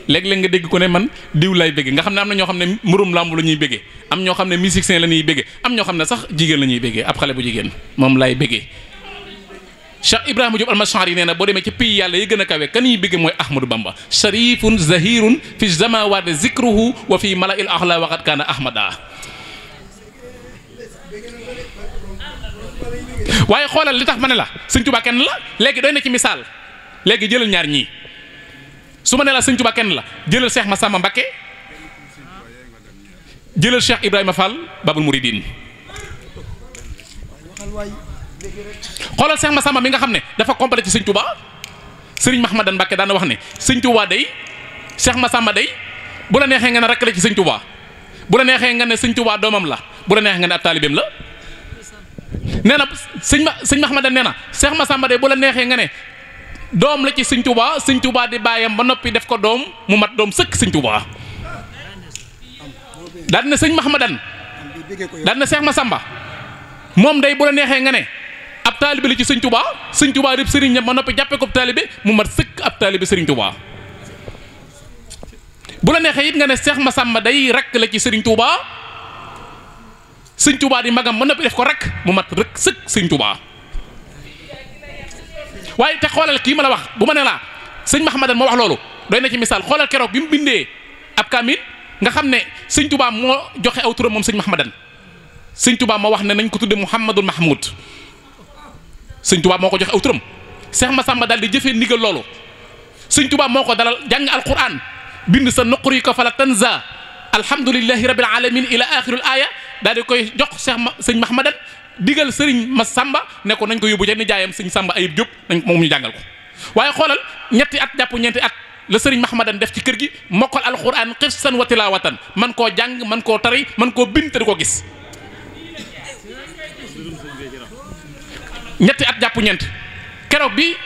léeg-léeg nga dégg ko ne man diw lay béggee nga xam ne am na ñoo xam ne murum làmb la ñuy béggee am ñoo xam ne musicien la ñuy béggee am ñoo xam ne sax jigéen la ñuy béggee ab xale bu jigéen moom lay béggee Cheikh Ibrahima Diop al-Mashari yi nee na boo demee ci pays yàlla yi gën a kawe kan ñuy bëgg mooy Ahmadou Bamba sharifun zahirun fi zamawat zikruhu wa fi mala'il ahla waqad kana waaye xoolal li tax ma ne la sëñ Tuubaa kenn la léegi doy na ci misaal léegi jëlal ñaar ñii su ma ne la sëñ Tuubaa kenn la jëlal Cheikh Massamba Mbakke jëlal Cheikh Ibrahima Fall Babul Mouridine xoolal Cheikh Massamba mi nga xam ne dafa complet ci sëñ Tuubaa sëriñ Mahmadan Mbakke daana wax ne sëñ Tuubaa day ma Massamba day bu la neexee nga ne rakk la ci sëñ Tuubaa bu la neexee nga ne sëñ Tuubaa doomam la bu la neexee nga ne ab taalibeem la nee na sëñ ma sëñ Mahmadan nee na Cheikh Massamba de bu la neexee nga ne doom la ci sëñ Touba sëñ Touba di bàyyam ba noppi def ko doom mu mat doom sëkk sëñ Touba daal na sëñ Mahmadan daal na ma Massamba moom day bu la neexee nga ne ab taalibe la ci sëñ Touba sëñ Touba rëbb sëriñ ñam ba noppi jàppee ko ab taalibe mu mat sëkk ab taalibe sëriñ Touba bu la neexee it nga ne Cheikh Massamba day rakk la ci sëriñ sëñ tubaa di magam mën na def ko rek mu mat rek sëkk sëñ tubaa waaye te xoolal kii ma la wax bu ma ne laa sëñ Mahamadan moo wax loolu doy ci misaal xoolal keroog bi mu ab kaamil nga xam ne sëñ tubaa joxe aw turam moom sëñ Mahamadan sëñ tubaa moo wax ne nañ ko tudde Muhammadul Mahmoud sëñ tubaa moo ko joxe aw turam Seex Masamba daal di jëfee ndigal loolu sëñ tubaa moo ko dalal jàng alquran bind sa nuquri ko fala tanza alhamdulillahi rabbil alamin ila axirul aya daal di koy jox Cheikh ma sëñ Mahmadan digal sëriñ ma sàmba ne ko nañ ko yóbbu ca nijaayam sëñ sàmba ayib Diop nañ moom ñu jàngal ko waaye xoolal ñetti at jàpp ñeenti at la sëriñ Mahmadan def ci kër gi mokkal alquran xifsan wa tilawatan man koo jàng man koo tari man koo bind te di ko gis ñetti at jàpp ñeent keroog bi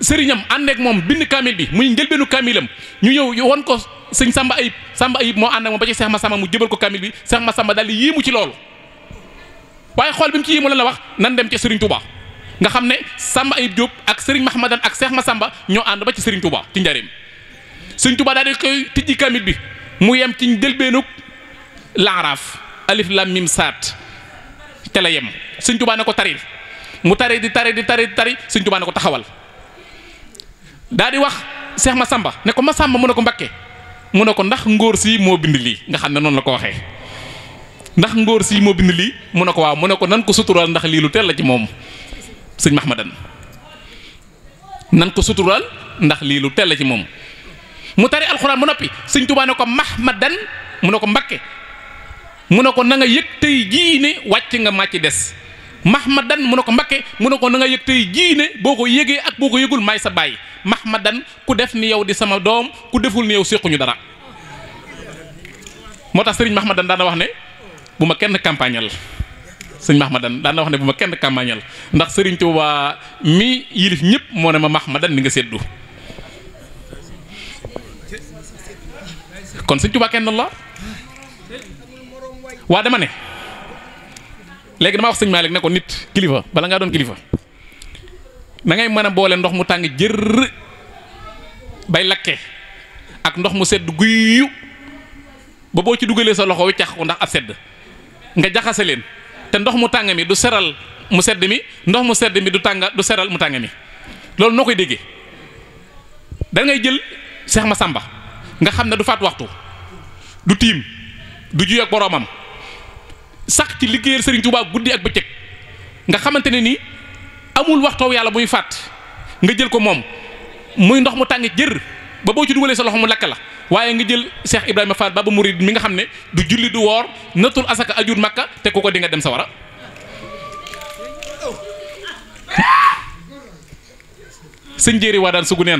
sëriñam ànd moom bind kaamil bi muy njëlbeenu kaamilam ñu ñëw won ko sëñ Samba Ayib Samba Ayib moo ànd ak moom ba ci Seex ma Masamba mu jëbal ko kaamil bi Seex Masamba daal di yéemu ci loolu waaye xool bi mu ci yéemu la la wax nan dem ca sëriñ Touba nga xam ne Samba Ayib Diop ak sëriñ Mahmadan ak Seex Masamba ñoo ànd ba ci sëriñ Touba ci njëriñ sëriñ Touba daal di koy tijji kaamil bi mu yem ci njëlbeenug laaraaf alif lam mim saat te la yem sëriñ Touba ko tari mu tari di tari di tari tari sëriñ Touba ko taxawal. Dari wah wax cheikh ma sàmba ne ko ma sàmba mu ne ko mbacke mu ne ko ndax ngor si mo bind li nga xamne non la ko waxe ndax ngor si mo bind li mu ne ko wa mu ne ko nan ko sutural ndax li lu tel la ci mom seigne Mahmadan nan ko sutural ndax li lu tel la ci mom mu tari alquran mu nopi seigne touba ne ko Mahmadan mu ne ko mbacke mu ne ko na nga yek tay ne wacc nga ci dess mahmadan mu ne ko mbakke mu ne ko nanga nga yëg tey jii ne boo ko yëgee ak boo ko yëgul may sa bàyyi mahmadan ku def ni yow di sama doom ku deful ni yow siquñu dara moo tax sëriñ mahmadan daana wax ne bu ma kenn campagnal sëñ mahmadan daana wax ne bu ma kenn campagnal ndax sëriñ Tuubaa mi yilif ñëpp moo ne ma mahmadan ni nga seddu kon sëñ Tuubaa kenn la waa dama ne léegi damaa wax sëñ Malick ne ko nit kilifa bala ngaa doon kilifa dangay ngay mën a boole ndox mu tàng jër bay lakke ak ndox mu sedd guyu ba boo ci dugalee sa loxo wi cax ko ndax ab sedd nga jaxase leen te ndox mu tàng mi du seral mu sedd mi ndox mu sedd mi du tàng du seral mu tàng mi loolu noo koy déggee dangay ngay jël Seex Masamba nga xam ne du faat waxtu du tiim du juy ak boroomam sax ci liggéeyal Serigne Touba guddi ak bëccëg nga xamante ni amul waxto yalla muy fat nga jël ko mom muy ndox mu tangi jër ba bo ci duggalé sa loxo mu lakk la nga jël Cheikh Ibrahima Fall Baba mourid mi nga xamné du julli du wor natul asaka ajur makka té koko ko di nga dem sa wara sëñ jéeri waadaan sugu nee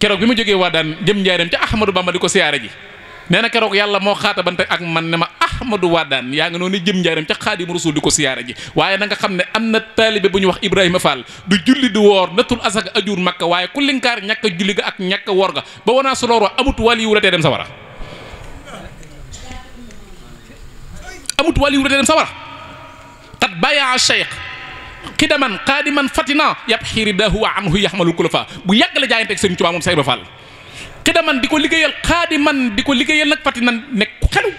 kérok keroog bi ma jógee waadaan jëm Ahmadou Bamba diko ko ji nee na keroog yàlla moo xaatabante ak man ne ma ahmadou waadaan yaa nga noonu jëm njaaram ca xaadim rasul di ko siyaara ji waaye na nga xam ne am na taalibe bu ñu wax ibrahima faal du julli du woor nattul asaka ajur makka waaye ku linkaar ñàkk julli ga ak ñàkk woor ga ba wanaa soloor wa amut waliyu la tee dem sawara amut waliyu la tee dem sawara qad a cheikh xidaman qaadiman fatina yab xiiri dahuwa anhu yaxmalul kulafa bu yàgg la jaayante ak sëriñ Tuubaa moom Seex Ibra Kedamaan di ko liggéeyal xaadiman di ko liggéeyal nan fatinan nekk xelu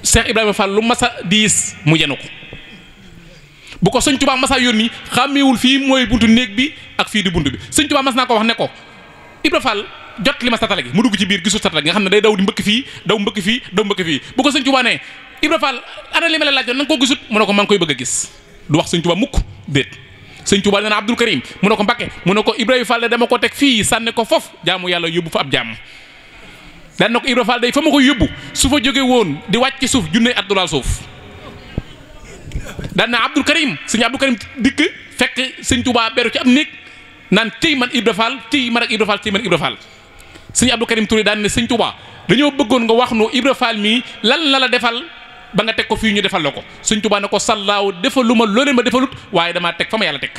cheikh ibrahima fall lu masa dis mu yenuko bu ko seigne touba masa yoni xamewul fi moy buntu néeg bi ak fi di buntu bi seigne touba mas naa ko wax ne ko ibra fall jot li massa talagi mu dugg ci bir gisul satala nga xamne day daw di mbeuk fi daw mbeuk fi daw mbeuk fi bu ko seigne touba ne Ibrahim fall ana li ma la laajoon gisut mu ne ko koy beug gis du wax seigne touba mukk sëñ Tuubaa nee na Abdul Karim mu ne ko Mbakke mu ne ko Ibrahima Fall dama ko teg fii sànne ko foofu jaamu yàlla yóbbu fa ab jàmm daan ko Ibrahima Fall day fa ma ko yóbbu su fa jóge woon di wàcce suuf junne at dulaal suuf daan na Abdul Karim sëñ Abdul Karim dikk fekk sëñ Tuubaa beru ci am néeg naan tey man Ibrahima Fall tey man ak Ibrahima Fall tey man Ibrahima sëñ Abdul Karim daan ne dañoo bëggoon nga wax nu Ibrahima Fall mii la la defal ba nga teg ko fii ñu defal la ko Sëñ Tuubaa ne ko sallaaw defaluma loo leen ma defalut waaye damaa teg fa ma yàlla teg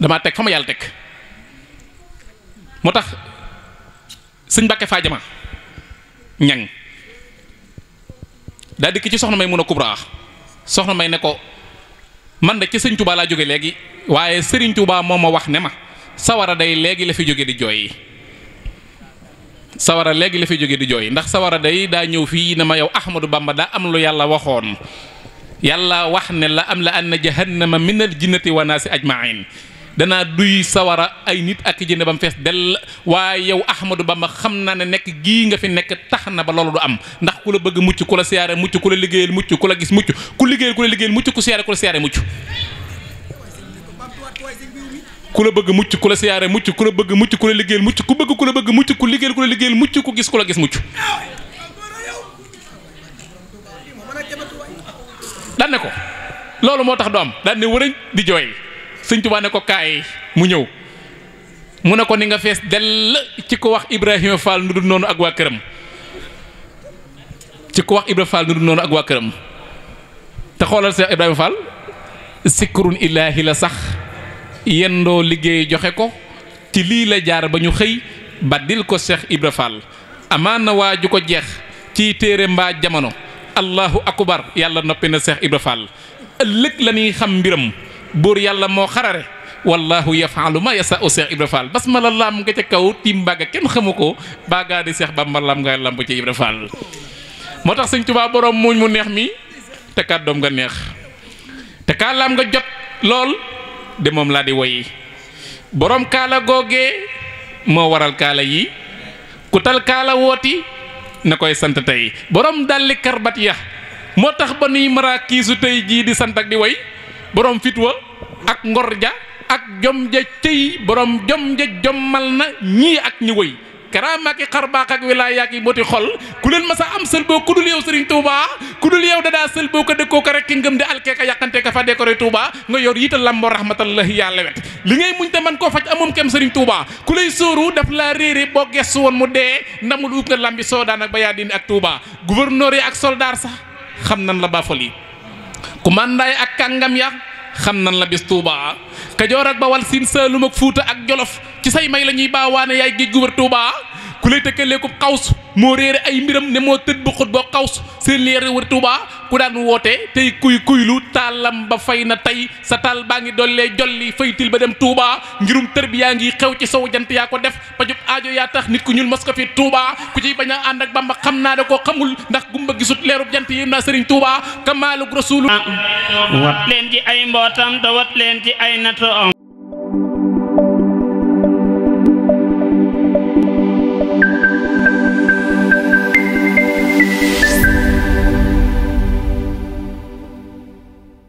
damaa yàlla teg moo tax sëñ Mbàkke Faajama ñang daa dikk ci soxna may mun a kubraa soxna may ne ko man de ci sëñ Tuubaa laa jóge léegi waaye sëriñ tubaa moo ma wax ne ma sawara day léegi la fi jóge di jooy sawara léegi la fi jóge di jooy ndax sawara day daa ñëw fii ne ma yow Ahmadou Bamba daa am lu yàlla waxoon yàlla wax ne la am la na jahannama minal jinnati wa naasi ajmain danaa duy sawara ay nit ak jinne ba mu fees dell waaye yow Ahmadou Bamba xam naa ne nekk gii nga fi nekk tax na ba loolu du am ndax ku la bëgg mucc ku la siyaare mucc ku la liggéeyal mucc ku la gis mucc ku liggéeyal ku la liggéeyal mucc ku siyaare ku la siyaare mucc kula bëgg mucc kula la siyaare mucc kula bëgg mucc kula la liggéeyal mucc ku bëgg kula bëgg mucc ku liggéeyal kula la liggéeyal mucc ku gis kula gis mucc daan ne ko loolu moo tax doom daan ne wërëñ di jooy sëñ tuba ne ko kaay mu ñëw mu ne ko ni nga fees dell ci ko wax Ibrahima Fall nu dul noonu ak waa këram ci ko wax Ibrahima Fall nu dul noonu ak waa këram te xoolal Seex Ibrahima Fall sikrun ilahi la sax doo liggéey joxe ko ci lii la jaar ba ñu xëy ba dil ko Seex Ibra Fall amaana waa ju ko jeex ci téere mbaa jamono allahu akbar yàlla noppi na Seex Ibra Fall ëllëg la ñuy xam mbiram buur yàlla moo xarare wallahu yafaalu ma yasa u Seex Ibra Fall bas ma la laam nga ca kaw tiim bàgga kenn xamu ko baagaa di Seex Bàmba laam nga lamb ci Ibra Fall moo tax sëñ Tuubaa boroom muuñ mu neex mi te kàddoom nga neex te kaalaam nga jot lool de moom laa di woyi boroom kaala googe moo waral kaala yi ku tal kaala wooti na koy sant tey boroom dalli karbat ya moo tax ba nuy maraakiisu tey jii di sant ak di woy boroom fitwa ak ngor ja ak jom ja cëy borom jom ja jommal na ñii ak ñi woy karaamaaki xarbaax ak wilaayaak yi booti xol ku leen masa am sëlboo ku dul yow sëriñ Touba ku dul yow dadaa sëlboo ko dëkkoo ko rek ki ngëm di alkee ka yàqante ka fa décoré Touba nga yor yital lamboo rahmatallahi yàlla wet li ngay muñ man koo faj amum kem sëriñ Touba ku lay sóoru daf laa réere boo gestu woon mu dee ndamul uub nga lambi soodaan ak bayaa dini ak Touba gouverneur yi ak soldaar sax xam nan la baafal yi commandant yi ak kàngam ya xam nan la bis Touba Kajoor ak Bawal Siin Saalum ak Fuuta ak Jolof ci say may la ñuy baawaane yaay géej gu wër Tuuba ku lay tëkkaleeku xaws moo réere ay mbiram ne moo tëdd bu xut boo xaws seen leer wër Tuuba ku daan woote tey kuy kuylu taalam ba fay na tey sa taal baa ngi dollee jolli faytil ba dem Tuuba ngirum tër bi yaa ngi xew ci sow jant yaa ko def pajub aajo yaa tax nit ku ñuul mos ko fi Tuuba ku ciy bañ a ànd ak Bamba xam naa da koo xamul ndax gumba gisut leerub jant yéem naa sëriñ Tuuba kamaalug rasulu wat leen ay mbootam te wat leen ay nato